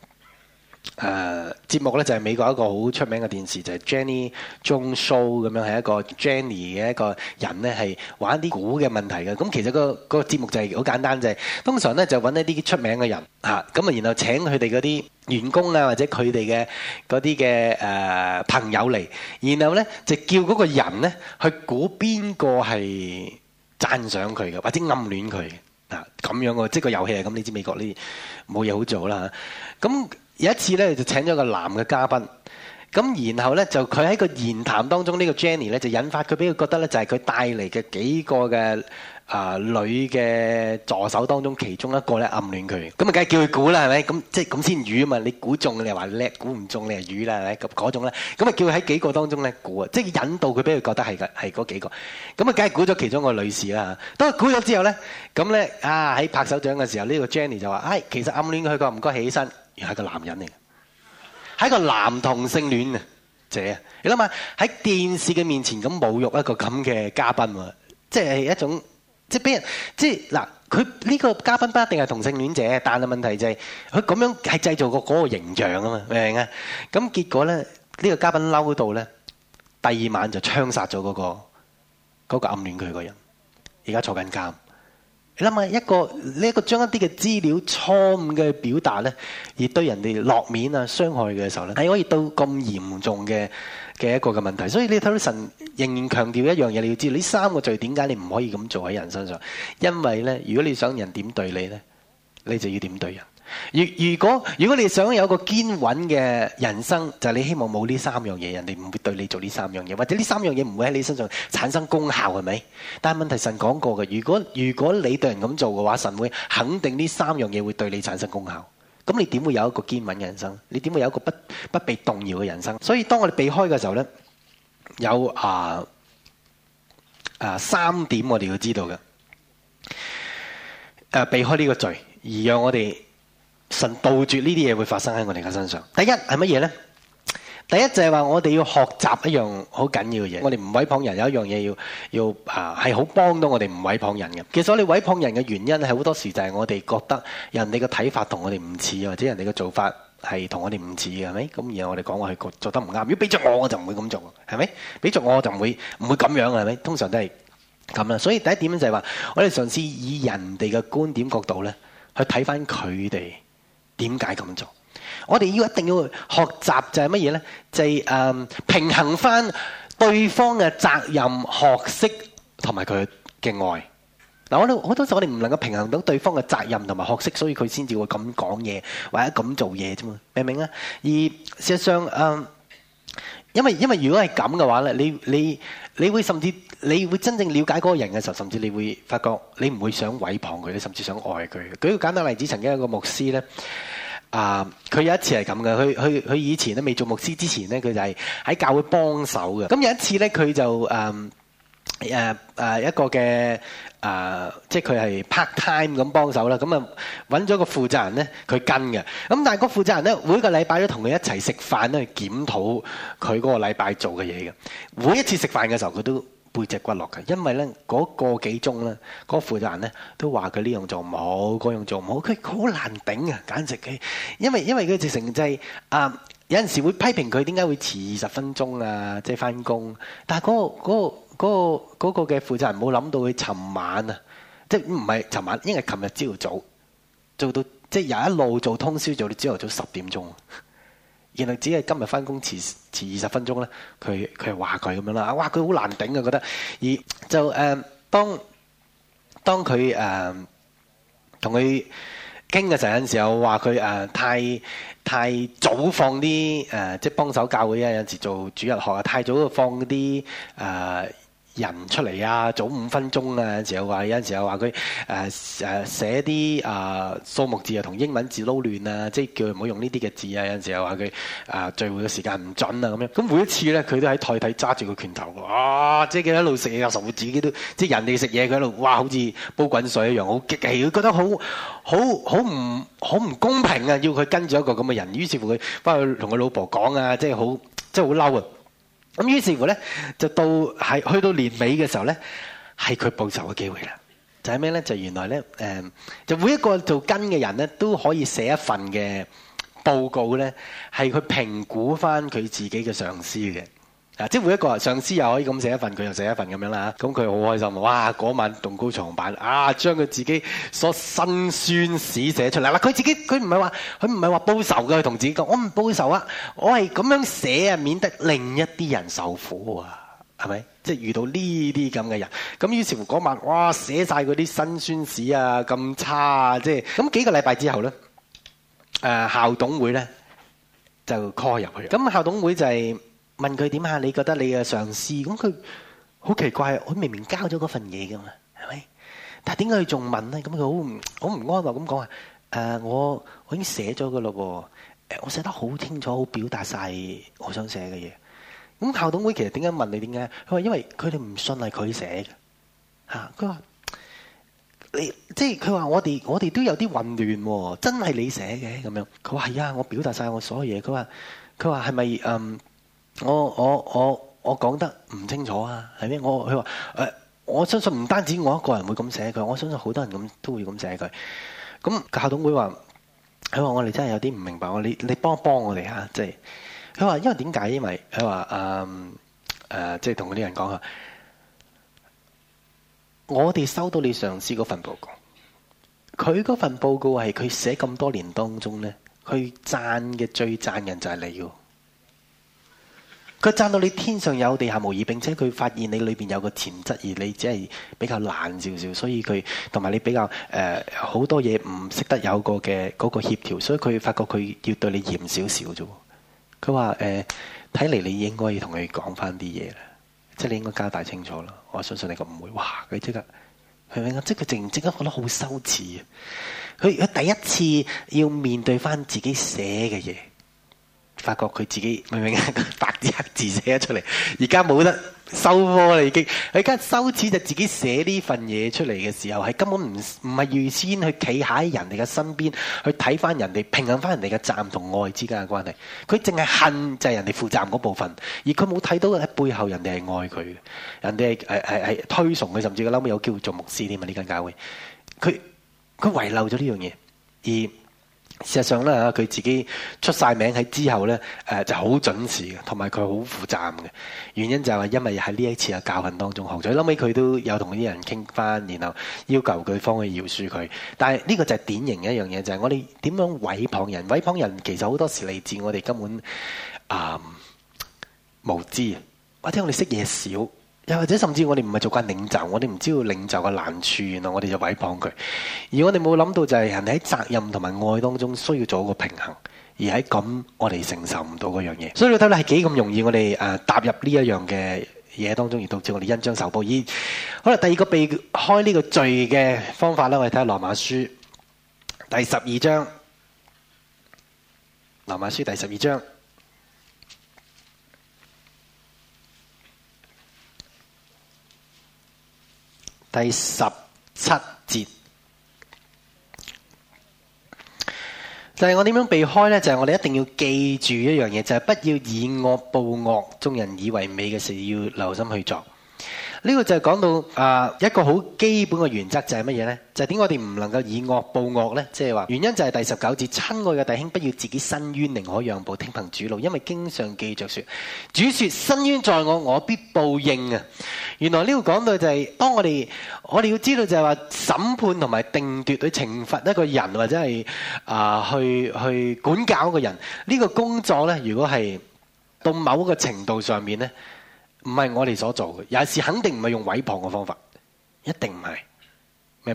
誒、呃，節目咧就係、是、美國一個好出名嘅電視，就係、是、Jenny Jones Show 咁樣，係一個 Jenny 嘅一個人咧，係玩啲估嘅問題嘅。咁、嗯、其實個個節目就係好簡單，就係、是、通常咧就搵一啲出名嘅人吓，咁啊然後請佢哋嗰啲員工啊或者佢哋嘅嗰啲嘅誒朋友嚟，然後咧就叫嗰個人咧去估邊個係讚賞佢嘅或者暗戀佢啊咁樣個即個遊戲啊咁，你知美國呢啲冇嘢好做啦，咁、啊。嗯有一次咧就請咗個男嘅嘉賓，咁然後咧就佢喺個言談當中呢、這個 Jenny 咧就引發佢俾佢覺得咧就係佢帶嚟嘅幾個嘅啊、呃、女嘅助手當中其中一個咧暗戀佢，咁啊梗係叫佢估啦係咪？咁即係咁先魚啊嘛！你估中你係話叻，估唔中你係魚啦，係咪？咁嗰種咧，咁啊叫佢喺幾個當中咧估啊，即係、就是、引導佢俾佢覺得係嘅係嗰幾個，咁啊梗係估咗其中個女士啦嚇。當佢估咗之後咧，咁咧啊喺拍手掌嘅時候呢、這個 Jenny 就話：唉、哎，其實暗戀佢個唔該起身。而係個男人嚟嘅，係一個男同性戀嘅者啊！你諗下喺電視嘅面前咁侮辱一個咁嘅嘉賓喎，即係一種即係俾人即係嗱，佢呢個嘉賓不一定係同性戀者，但係問題就係佢咁樣係製造個嗰個形象啊嘛，明啊？咁結果咧，呢個嘉賓嬲到咧，第二晚就槍殺咗嗰個嗰個暗戀佢個人，而家坐緊監。你諗下一個呢一個將一啲嘅資料錯誤嘅表達咧，而對人哋落面啊傷害嘅時候咧，係可以到咁嚴重嘅嘅一個嘅問題。所以你睇到神仍然強調一樣嘢，你要知道呢三個罪點解你唔可以咁做喺人身上？因為咧，如果你想人點對你咧，你就要點對人。如如果如果你想有個堅穩嘅人生，就係你希望冇呢三樣嘢，人哋唔會對你做呢三樣嘢，或者呢三樣嘢唔會喺你身上產生功效，係咪？但係問題神講過嘅，如果如果你對人咁做嘅話，神會肯定呢三樣嘢會對你產生功效。咁你點會有一個堅穩嘅人生？你點會有一個不不被動搖嘅人生？所以當我哋避開嘅時候呢，有啊啊三點我哋要知道嘅，誒避開呢個罪，而讓我哋。神杜絕呢啲嘢會發生喺我哋嘅身上。第一係乜嘢呢？第一就係話我哋要學習一樣好緊要嘅嘢。我哋唔毀謗人有一樣嘢要要啊，係好幫到我哋唔毀謗人嘅。其實我哋毀謗人嘅原因係好多時就係我哋覺得人哋嘅睇法同我哋唔似，或者人哋嘅做法係同我哋唔似嘅，係咪？咁然後我哋講話佢做得唔啱。如果俾著我我就唔會咁做，係咪？俾著我，我就唔會唔會咁樣，係咪？通常都係咁啦。所以第一點就係話，我哋嘗試以人哋嘅觀點角度咧，去睇翻佢哋。點解咁做？我哋要一定要學習就係乜嘢呢？就係、是、誒、嗯、平衡翻對方嘅責任、學識同埋佢嘅愛。嗱，我哋好多時我哋唔能夠平衡到對方嘅責任同埋學識，所以佢先至會咁講嘢或者咁做嘢啫嘛？明唔明啊？而事實上、嗯因為因為如果係咁嘅話咧，你你你會甚至你會真正了解嗰個人嘅時候，甚至你會發覺你唔會想毀謗佢，你甚至想愛佢。舉個簡單例子，曾經有個牧師咧，啊、呃，佢有一次係咁嘅，佢佢佢以前咧未做牧師之前咧，佢就係喺教會幫手嘅。咁有一次咧，佢就誒。呃誒、呃、誒、呃、一個嘅誒、呃，即係佢係 part time 咁幫手啦。咁啊揾咗個負責人咧，佢跟嘅。咁但係嗰負責人咧，每個禮拜都同佢一齊食飯咧，去檢討佢嗰個禮拜做嘅嘢嘅。每一次食飯嘅時候，佢都背脊骨落嘅，因為咧嗰、那個幾鐘咧，嗰、那個負責人咧都話佢呢樣做唔好，嗰樣做唔好。佢好難頂啊，簡直佢，因為因為佢直成就係、是、啊、呃，有陣時會批評佢點解會遲二十分鐘啊，即係返工。但係嗰個嗰個。那個嗰個嗰個嘅負責人冇諗到佢尋晚啊，即係唔係尋晚，因係琴日朝頭早做到，即係由一路做通宵，做到朝頭早十點鐘。然後只係今日翻工遲遲二十分鐘咧，佢佢話佢咁樣啦，啊哇，佢好難頂啊，覺得而就誒、呃，當當佢誒同佢傾嘅時候，有陣時候話佢誒太太早放啲誒，即係幫手教會啊，有時做主日學啊，太早放啲誒。呃人出嚟啊，早五分鐘啊，有陣時候話，有陣時又話佢誒誒寫啲啊、呃、數目字啊同英文字撈亂啊，即係叫佢唔好用呢啲嘅字啊，有陣時候話佢啊聚會嘅時間唔準啊咁樣，咁每一次咧佢都喺台底揸住個拳頭，哇！即係佢一路食嘢，有時會自己都即係人哋食嘢佢喺度，哇！好似煲滾水一樣，好激氣，佢覺得好好好唔好唔公平啊！要佢跟住一個咁嘅人，於是乎佢翻去同佢老婆講啊，即係好即係好嬲啊！咁於是乎呢，就到係去到年尾嘅時候呢，係佢報仇嘅機會啦。就係咩呢？就原來呢，誒，就每一個做根嘅人呢，都可以寫一份嘅報告呢，係佢評估返佢自己嘅上司嘅。啊！即每一個上司又可以咁寫一份，佢又寫一份咁樣啦嚇，咁佢好開心。哇！嗰晚動高牀板啊，將佢自己所辛酸史寫出嚟啦！佢自己佢唔係話佢唔係話報仇嘅，佢同自己講：我唔報仇啊，我係咁樣寫啊，免得另一啲人受苦啊！係咪？即遇到呢啲咁嘅人，咁於是乎嗰晚哇，寫曬嗰啲辛酸史啊，咁差啊！即咁幾個禮拜之後咧，誒校董會咧就 call 入去。咁校董會就係。問佢點啊？你覺得你嘅嘗試，咁佢好奇怪，佢明明交咗嗰份嘢噶嘛，係咪？但係點解佢仲問咧？咁佢好好唔安樂咁講啊！誒，我我已經寫咗噶咯，誒，我寫得好清楚，好表達晒我想寫嘅嘢。咁校董會其實點解問你點解？佢話因為佢哋唔信係佢寫嘅吓。佢話你即係佢話我哋我哋都有啲混亂，真係你寫嘅咁樣。佢話係啊，我表達晒我所有嘢。佢話佢話係咪嗯？我我我我講得唔清楚啊，係咩？我佢話誒，我相信唔單止我一個人會咁寫佢，我相信好多人咁都會咁寫佢。咁校董會話，佢話我哋真係有啲唔明白，我你你幫一幫我哋啊，即係佢話，因為點解？因為佢話誒誒，即係同嗰啲人講啊，我哋收到你上司嗰份報告，佢嗰份報告係佢寫咁多年當中咧，佢讚嘅最讚人就係你噶。佢讚到你天上有地下無二，並且佢發現你裏面有個潛質，而你只係比較懶少少，所以佢同埋你比較誒好、呃、多嘢唔識得有個嘅嗰個協調，所以佢發覺佢要對你嚴少少啫。佢話誒，睇、呃、嚟你應該要同佢講翻啲嘢啦，即係你應該交代清楚啦。我相信你個唔會，哇！佢即刻佢係咪啊？即係佢突然之間覺得好羞恥啊！佢佢第一次要面對翻自己寫嘅嘢。發覺佢自己明明啊，白字黑字寫咗出嚟，而家冇得收科啦，已經。佢而家羞恥就自己寫呢份嘢出嚟嘅時候，係根本唔唔係預先去企喺人哋嘅身邊去睇翻人哋平衡翻人哋嘅讚同愛之間嘅關係。佢淨係恨就係人哋負責嗰部分，而佢冇睇到喺背後人哋係愛佢嘅，人哋係係係推崇佢，甚至佢諗，尾有機會做牧師添啊！呢間教會，佢佢遺漏咗呢樣嘢，而。事實上咧佢自己出晒名喺之後咧，誒、呃、就好準時嘅，同埋佢好負責任嘅。原因就係因為喺呢一次嘅教訓當中學咗，後尾佢都有同啲人傾翻，然後要求對方去饒恕佢。但係呢個就係典型嘅一樣嘢，就係、是、我哋點樣毀謗人？毀謗人其實好多時嚟自我哋根本誒、呃、無知，或者我哋識嘢少。又或者甚至我哋唔係做緊領袖，我哋唔知道領袖嘅難處，然後我哋就毀謗佢。而我哋冇諗到就係人哋喺責任同埋愛當中需要做一個平衡，而喺咁我哋承受唔到嗰樣嘢。所以你睇係幾咁容易我，我哋誒踏入呢一樣嘅嘢當中，而導致我哋恩將仇報。咦？好啦，第二個避開呢個罪嘅方法咧，我哋睇下羅馬書第十二章。羅馬書第十二章。第十七節，就係我點樣避開呢？就係、是、我哋一定要記住一樣嘢，就係、是、不要以惡報惡，眾人以為美嘅事要留心去做。呢、這個就係講到啊、呃、一個好基本嘅原則，就係乜嘢呢？就係、是、點我哋唔能夠以惡報惡呢？即係話原因就係第十九節，親愛嘅弟兄，不要自己伸冤，寧可讓步，聽憑主怒。」因為經常記着說，主說伸冤在我，我必報應啊！原來呢個講到就係、是、當我哋我哋要知道就係話審判同埋定奪去懲罰一個人或者係啊、呃、去去管教一個人呢、這個工作呢，如果係到某一個程度上面呢，唔係我哋所做嘅，有時肯定唔係用毀謗嘅方法，一定唔係。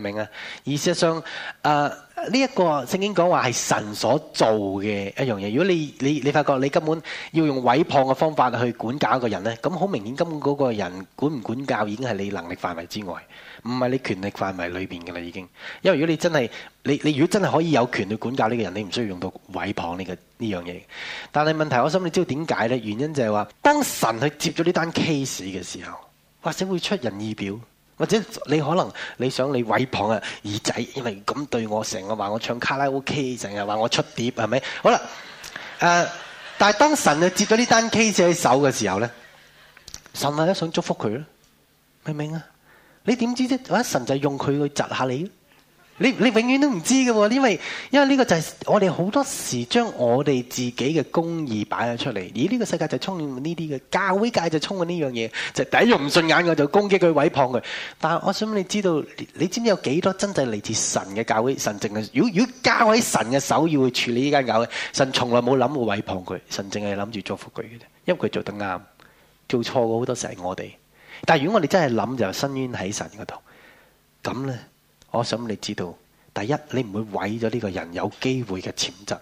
明唔明啊？而事實上，誒呢一個聖經講話係神所做嘅一樣嘢。如果你你你發覺你根本要用毀謗嘅方法去管教一個人咧，咁好明顯根本嗰個人管唔管教已經係你能力範圍之外，唔係你權力範圍裏邊嘅啦，已經。因為如果你真係你你如果真係可以有權去管教呢個人，你唔需要用到毀謗呢個呢樣嘢。但係問題我想你知點解咧？原因就係話，當神去接咗呢單 case 嘅時候，或者會出人意表。或者你可能你想你偉旁啊耳仔，因為咁對我成日話我唱卡拉 OK，成日話我出碟係咪？好啦，呃，但是當神就接咗呢單 case 喺手嘅時候呢，神就都想祝福佢咯，明唔明啊？你點知啫？神就用佢去窒下你。你你永遠都唔知嘅，因為因為呢個就係我哋好多時將我哋自己嘅公義擺咗出嚟。咦，呢、呢個世界就充滿呢啲嘅教會界就充滿呢樣嘢，就是、第一用唔順眼嘅就攻擊佢、毀謗佢。但係我想你知道，你，你知唔知有幾多真係嚟自神嘅教會、神淨嘅？如果如果教喺神嘅手要去處理呢間教會，神從來冇諗過毀謗佢，神淨係諗住祝福佢嘅啫。因為佢做得啱，做錯過好多時係我哋。但係如果我哋真係諗就伸冤喺神嗰度，咁咧。我想你知道，第一你唔會毀咗呢個人有機會嘅潛質。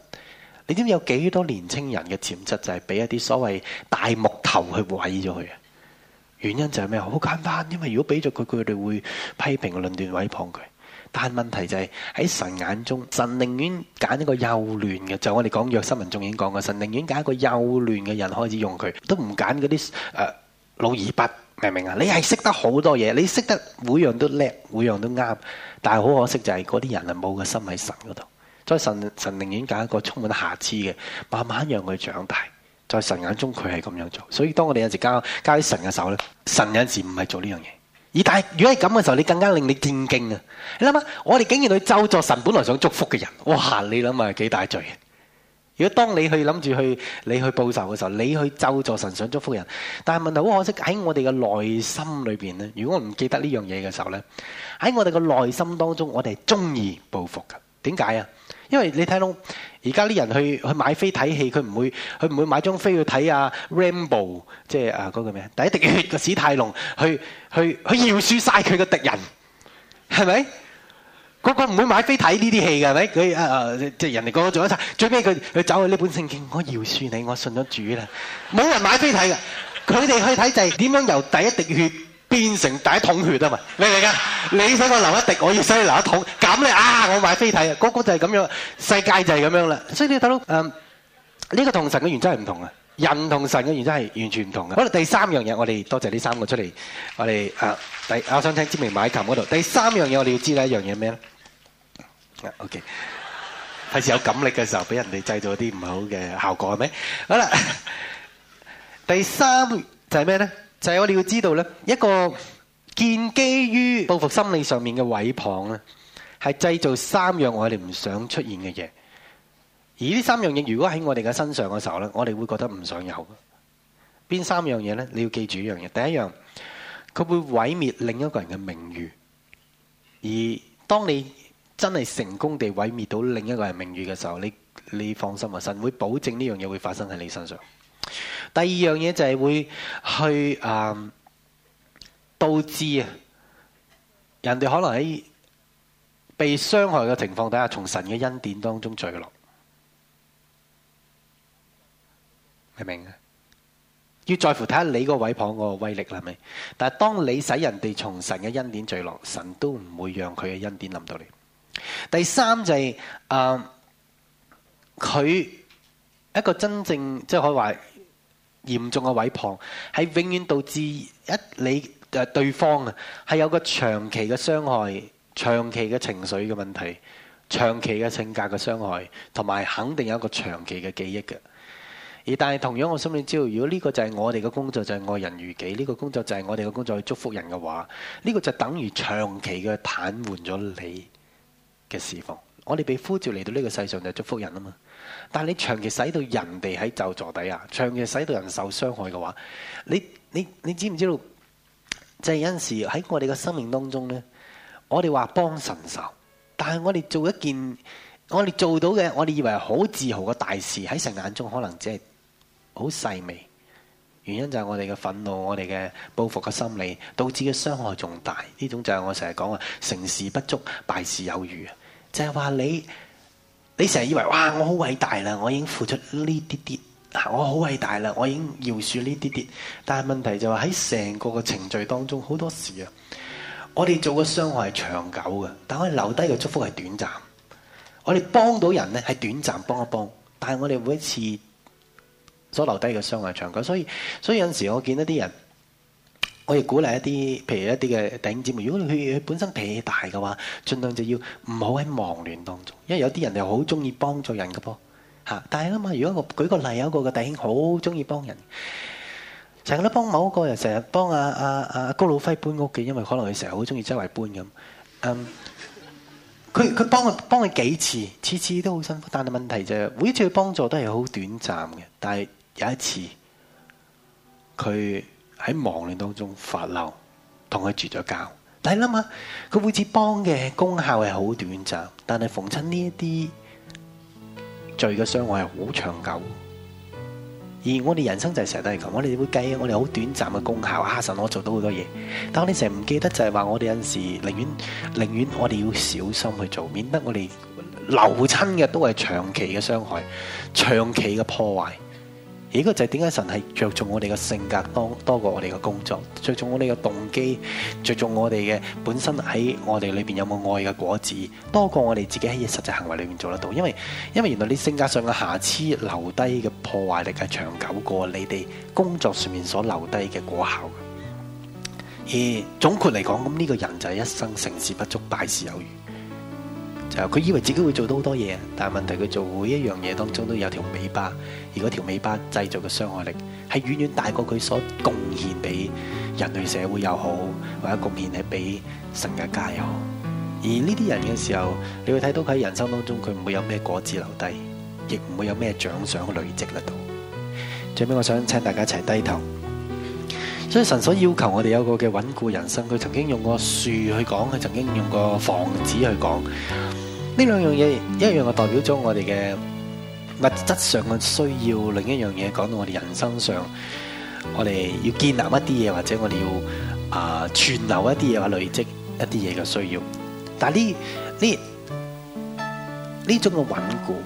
你知唔知有幾多年青人嘅潛質就係俾一啲所謂大木頭去毀咗佢啊？原因就係咩？好簡單，因為如果俾咗佢，佢哋會批評、論斷、毀謗佢。但係問題就係喺神眼中，神寧願揀一個幼嫩嘅，就我哋講約三文中已經講過，神寧願揀一個幼嫩嘅人開始用佢，都唔揀嗰啲誒老而不。明唔明啊？你係識得好多嘢，你識得每樣都叻，每樣都啱。但係好可惜就係嗰啲人係，冇個心喺神嗰度。所以神神寧願揀一個充滿瑕疵嘅，慢慢讓佢長大。在神眼中佢係咁樣做。所以當我哋有陣時交交啲神嘅時候咧，神有陣時唔係做呢樣嘢。而但係如果係咁嘅時候，你更加令你戰驚啊！你諗下，我哋竟然去咒作神本來想祝福嘅人，哇！你諗下幾大罪如果當你去諗住去你去報仇嘅時候，你去咒詛神想祝福人。但係問題好可惜喺我哋嘅內心裏邊咧，如果我唔記得呢樣嘢嘅時候咧，喺我哋嘅內心當中，我哋係鍾意報復嘅。點解啊？因為你睇到而家啲人去去買飛睇戲，佢唔會佢唔會買張飛去睇阿 Rambo，即係啊嗰個咩啊，第一滴血個史泰龍去去去要輸晒佢嘅敵人，係咪？個個唔會買飛睇呢啲戲㗎，係咪佢啊啊！即係人哋個個做一齊，最尾佢佢走去呢本聖經，我饒恕你，我信咗主啦。冇人買飛睇㗎，佢哋去睇就係點樣由第一滴血變成第一桶血啊嘛？你嚟㗎？你想我流一滴，我要想你流一桶咁咧啊！我買飛睇啊！個個就係咁樣，世界就係咁樣啦。所以你大佬誒，呢個同神嘅原則係唔同啊，人同神嘅原則係完全唔同嘅。好啦，第三樣嘢，我哋多謝呢三個出嚟，我哋啊，第我想聽知名買琴嗰度。第三樣嘢我哋要知道一樣嘢咩咧？啊，OK，費事有感力嘅時候，俾人哋製造啲唔好嘅效果係咪？好啦，第三就係咩咧？就係我哋要知道咧，一個建基於報復心理上面嘅毀謗咧，係製造三樣我哋唔想出現嘅嘢。而呢三樣嘢，如果喺我哋嘅身上嘅時候咧，我哋會覺得唔想有。邊三樣嘢咧？你要記住一樣嘢。第一樣，佢會毀滅另一個人嘅名譽。而當你真係成功地毀滅到另一個人名譽嘅時候，你你放心啊，神會保證呢樣嘢會發生喺你身上。第二樣嘢就係會去誒、呃、導致啊，人哋可能喺被傷害嘅情況底下，從神嘅恩典當中墜落，明唔明啊？要在乎睇下你個位磅、那個威力係咪？但係當你使人哋從神嘅恩典墜落，神都唔會讓佢嘅恩典臨到你。第三就係、是、誒，佢、呃、一個真正即係、就是、可以話嚴重嘅毀謗，係永遠導致一你誒對方啊，係有個長期嘅傷害、長期嘅情緒嘅問題、長期嘅性格嘅傷害，同埋肯定有一個長期嘅記憶嘅。而但係同樣，我心裏知道，如果呢個就係我哋嘅工作，就係、是、愛人如己呢、這個工作，就係我哋嘅工作去祝福人嘅話，呢、這個就等於長期嘅癱瘓咗你，嘅釋放，我哋被呼召嚟到呢個世上就祝福人啊嘛。但係你長期使到人哋喺就坐底下，長期使到人受傷害嘅話，你你你知唔知道？即係有陣時喺我哋嘅生命當中呢，我哋話幫神手，但係我哋做一件，我哋做到嘅，我哋以為好自豪嘅大事，喺神眼中可能只係好細微。原因就係我哋嘅憤怒，我哋嘅報復嘅心理導致嘅傷害仲大。呢種就係我成日講嘅，成事不足，敗事有餘啊。就係話你，你成日以為哇我好偉大啦，我已經付出呢啲啲，我好偉大啦，我已經饒恕呢啲啲。但係問題就係喺成個嘅程序當中，好多時啊，我哋做嘅傷害係長久嘅，但我哋留低嘅祝福係短暫。我哋幫到人咧係短暫幫一幫，但係我哋每一次所留低嘅傷害係長久。所以所以有陣時我見到啲人。可以鼓勵一啲，譬如一啲嘅弟兄姊妹，如果佢佢本身脾氣大嘅話，盡量就要唔好喺忙亂當中，因為有啲人又好中意幫助人嘅噃吓。但係啊嘛，如果我舉個例，有一個嘅弟兄好中意幫人，成日都幫某一個人，又成日幫阿阿阿高老輝搬屋嘅，因為可能佢成日好中意周圍搬咁。佢、嗯、佢幫佢幫佢幾次，次次都好辛苦，但係問題就係、每一次嘅幫助都係好短暫嘅，但係有一次佢。喺忙亂當中發嬲，同佢絕咗交。但係諗下，佢會治邦嘅功效係好短暫，但係逢親呢一啲罪嘅傷害係好長久的。而我哋人生就係成日都係咁，我哋會計，我哋好短暫嘅功效啊，神我做到好多嘢，但我哋成日唔記得就係話，我哋有時寧願寧願我哋要小心去做，免得我哋留親嘅都係長期嘅傷害，長期嘅破壞。而、呢個就係點解神係着重我哋嘅性格多多過我哋嘅工作，着重我哋嘅動機，着重我哋嘅本身喺我哋裏邊有冇愛嘅果子，多過我哋自己喺實際行為裏面做得到。因為因為原來你性格上嘅瑕疵留低嘅破壞力係長久過你哋工作上面所留低嘅果效。而總括嚟講，咁、這、呢個人就係一生成事不足，敗事有餘。佢以為自己會做到好多嘢，但係問題，佢做每一樣嘢當中都有條尾巴，而嗰條尾巴製造嘅傷害力係遠遠大過佢所貢獻俾人類社會又好，或者貢獻係俾神嘅家又好。而呢啲人嘅時候，你會睇到佢喺人生當中佢唔會有咩果子留低，亦唔會有咩獎賞累積喺度。最尾我想請大家一齊低頭。所以神所要求我哋有個嘅穩固人生，佢曾經用過樹去講，佢曾經用過房子去講。呢兩樣嘢，一樣係代表咗我哋嘅物質上嘅需要；另一樣嘢講到我哋人生上，我哋要建立一啲嘢，或者我哋要啊、呃、存留一啲嘢，或者累積一啲嘢嘅需要。但係呢呢呢種嘅穩固，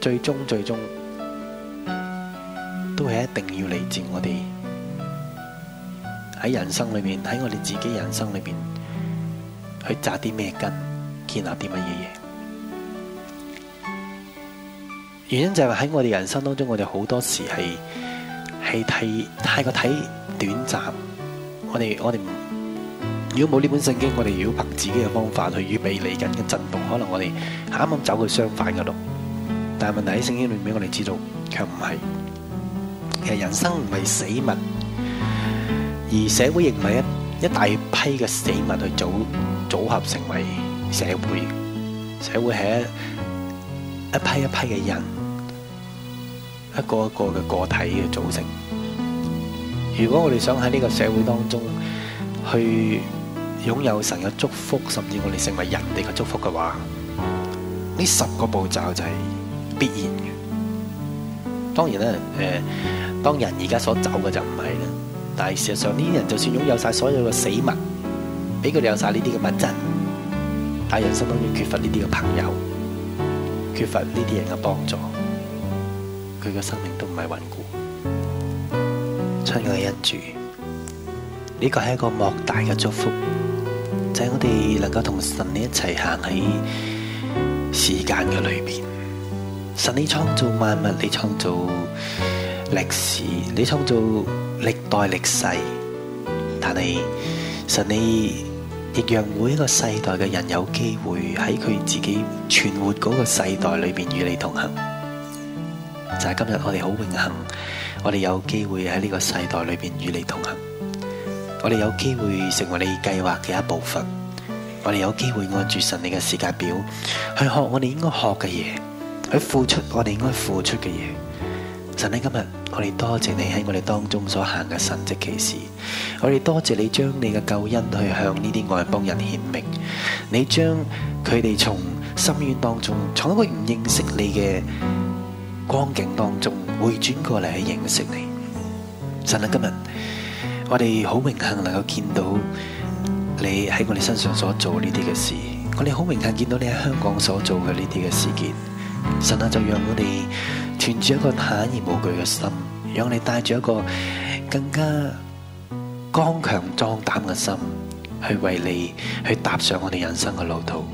最終最終都係一定要嚟自我哋喺人生裏面，喺我哋自己人生裏邊。去紮啲咩根，建立啲乜嘢嘢？原因就係話，喺我哋人生當中，我哋好多時係係睇太過睇短暫。我哋我哋如果冇呢本聖經，我哋如果憑自己嘅方法去預備嚟緊嘅震動，可能我哋啱啱走去相反嘅路。但係問題喺聖經裏面，俾我哋知道，卻唔係。其實人生唔係死物，而社會亦唔係一一大批嘅死物去做，組合成為社會，社會係一批一批嘅人，一個一個嘅個體嘅組成。如果我哋想喺呢個社會當中去擁有神嘅祝福，甚至我哋成為人哋嘅祝福嘅話，呢十個步驟就係必然嘅。當然啦，誒，當人而家所走嘅就唔係咧，但係事實上呢啲人就算擁有晒所有嘅死物。俾佢哋有晒呢啲嘅物質，但人生當中缺乏呢啲嘅朋友，缺乏呢啲人嘅幫助，佢嘅生命都唔係穩固。親愛嘅恩主，呢個係一個莫大嘅祝福，就係、是、我哋能夠同神你一齊行喺時間嘅裏邊。神你創造萬物，你創造歷史，你創造歷代歷史，但係神你。亦讓每一個世代嘅人有機會喺佢自己存活嗰個世代裏邊與你同行，就係今日我哋好榮幸，我哋有機會喺呢個世代裏邊與你同行，我哋有機會成為你計劃嘅一部分，我哋有機會按住神你嘅時間表去學我哋應該學嘅嘢，去付出我哋應該付出嘅嘢，神你今日。我哋多謝你喺我哋當中所行嘅神蹟奇事，我哋多謝你將你嘅救恩去向呢啲外邦人顯明，你將佢哋從深淵當中，從一個唔認識你嘅光景當中，回轉過嚟去認識你。神啊，今日我哋好榮幸能夠見到你喺我哋身上所做呢啲嘅事，我哋好榮幸見到你喺香港所做嘅呢啲嘅事件。神啊，就讓我哋。存住一個坦然無懼嘅心，讓我哋帶住一個更加剛強壯膽嘅心，去為你去踏上我哋人生嘅路途。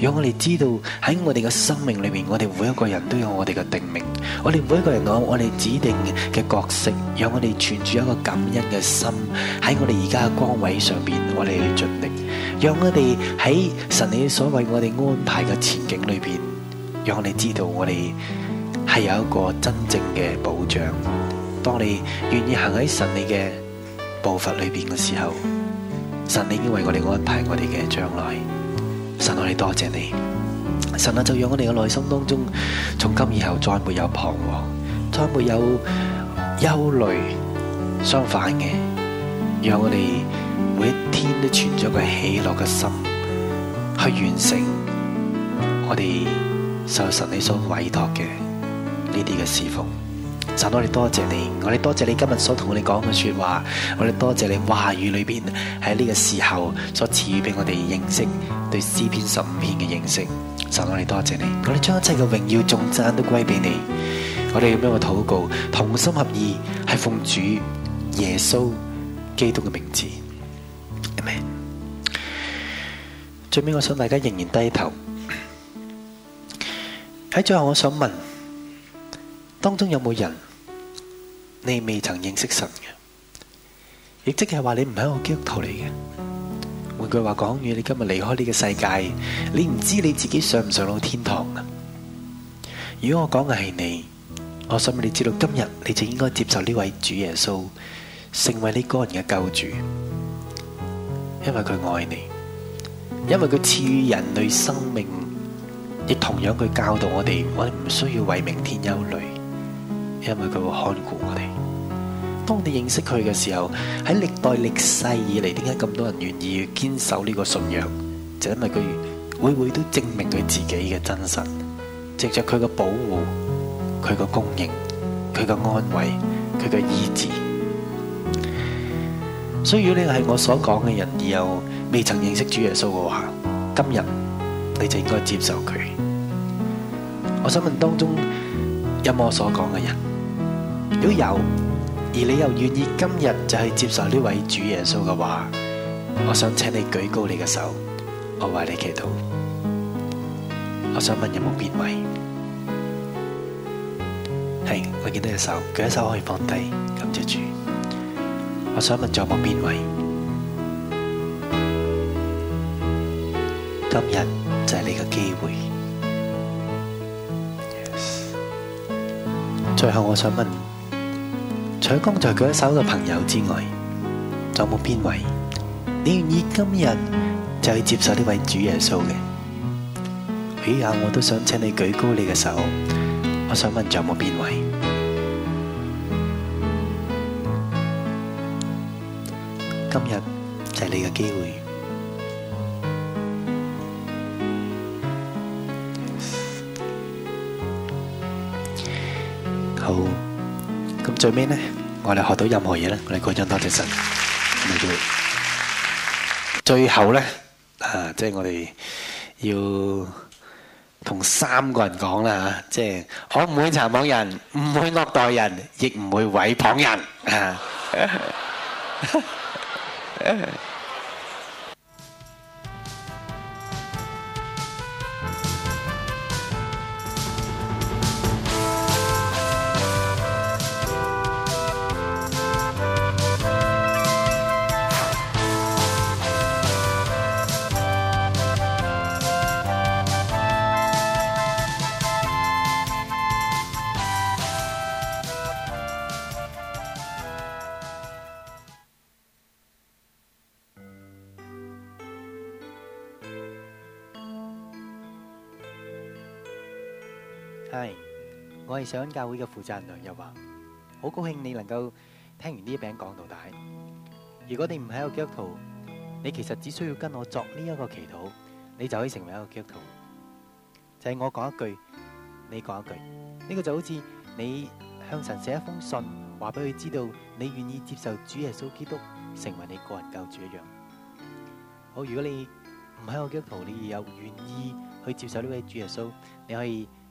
讓我哋知道喺我哋嘅生命裏面，我哋每一個人都有我哋嘅定命，我哋每一個人都有我哋指定嘅角色。讓我哋存住一個感恩嘅心，喺我哋而家嘅崗位上邊，我哋去盡力。讓我哋喺神你所為我哋安排嘅前景裏邊，讓我哋知道我哋。係有一個真正嘅保障。當你願意行喺神你嘅步伐裏邊嘅時候，神你已經為我哋安排我哋嘅將來。神我哋多謝你，神啊，就讓我哋嘅內心當中，從今以後再沒有彷徨，再沒有憂慮。相反嘅，讓我哋每一天都存着個喜樂嘅心去完成我哋受神你所委託嘅。呢啲嘅侍奉，神我哋多謝你，我哋多謝你今日所同我哋講嘅說話，我哋多謝你話語裏邊喺呢個時候所賜予俾我哋認識，對詩篇十五篇嘅認識，神我哋多謝你，我哋將一切嘅榮耀重讚都歸俾你，我哋要一個禱告，同心合意係奉主耶穌基督嘅名字，阿門。最尾我想大家仍然低頭，喺最後我想問。當中有冇人你未曾認識神嘅，亦即係話你唔係一個基督徒嚟嘅。換句話講，如果你今日離開呢個世界，你唔知你自己上唔上到天堂嘅。如果我講嘅係你，我想你知道今日你就應該接受呢位主耶穌成為你個人嘅救主，因為佢愛你，因為佢賜予人類生命，亦同樣佢教導我哋，我哋唔需要為明天憂慮。因為佢會看顧我哋。當你認識佢嘅時候，喺歷代歷世以嚟，點解咁多人願意堅守呢個信仰？就因為佢會會都證明佢自己嘅真實，藉着佢嘅保護、佢嘅供應、佢嘅安慰、佢嘅意志。所以，如果你係我所講嘅人，而又未曾認識主耶穌嘅話，今日你就應該接受佢。我想問當中有冇我所講嘅人？如果有，而你又願意今日就去接受呢位主耶穌嘅話，我想請你舉高你嘅手，我為你祈禱。我想問有冇邊位？係，我見到有手，舉一手可以放低，咁接住、住。我想問仲有冇邊位？今日就係你嘅機會。Yes. 最後我想問。除咗剛才舉手嘅朋友之外，仲有冇邊位？你願意今日就去接受呢位主耶穌嘅？比、哎、呀，我都想請你舉高你嘅手，我想問仲有冇邊位？今日就係你嘅機會。好。最尾呢，我哋學到任何嘢呢，我哋講真多謝神。最後呢，啊，即係我哋要同三個人講啦嚇，即係我唔會讒謗人，唔會虐待人，亦唔會毀謗人。係，我係上恩教會嘅負責人又話，好高興你能夠聽完呢一餅講道帶。如果你唔係一個基督徒，你其實只需要跟我作呢一個祈禱，你就可以成為一個基督徒。就係我講一句，你講一句，呢個就好似你向神寫一封信，話俾佢知道你願意接受主耶穌基督成為你個人救主一樣。好，如果你唔係個基督徒，你又有願意去接受呢位主耶穌，你可以。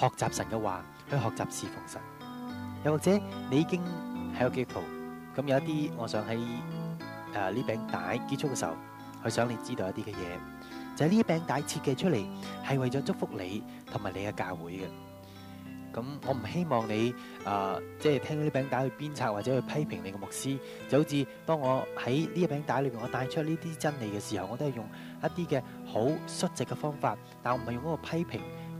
學習神嘅話，去學習侍奉神。又或者你已經喺個教會，咁有一啲，我想喺誒呢餅帶結束嘅時候，去想你知道一啲嘅嘢。就係、是、呢餅帶設計出嚟，係為咗祝福你同埋你嘅教會嘅。咁我唔希望你誒，即、呃、係、就是、聽到呢餅帶去鞭策或者去批評你嘅牧師。就好似當我喺呢一餅帶裏面，我帶出呢啲真理嘅時候，我都係用一啲嘅好率直嘅方法，但我唔係用嗰個批評。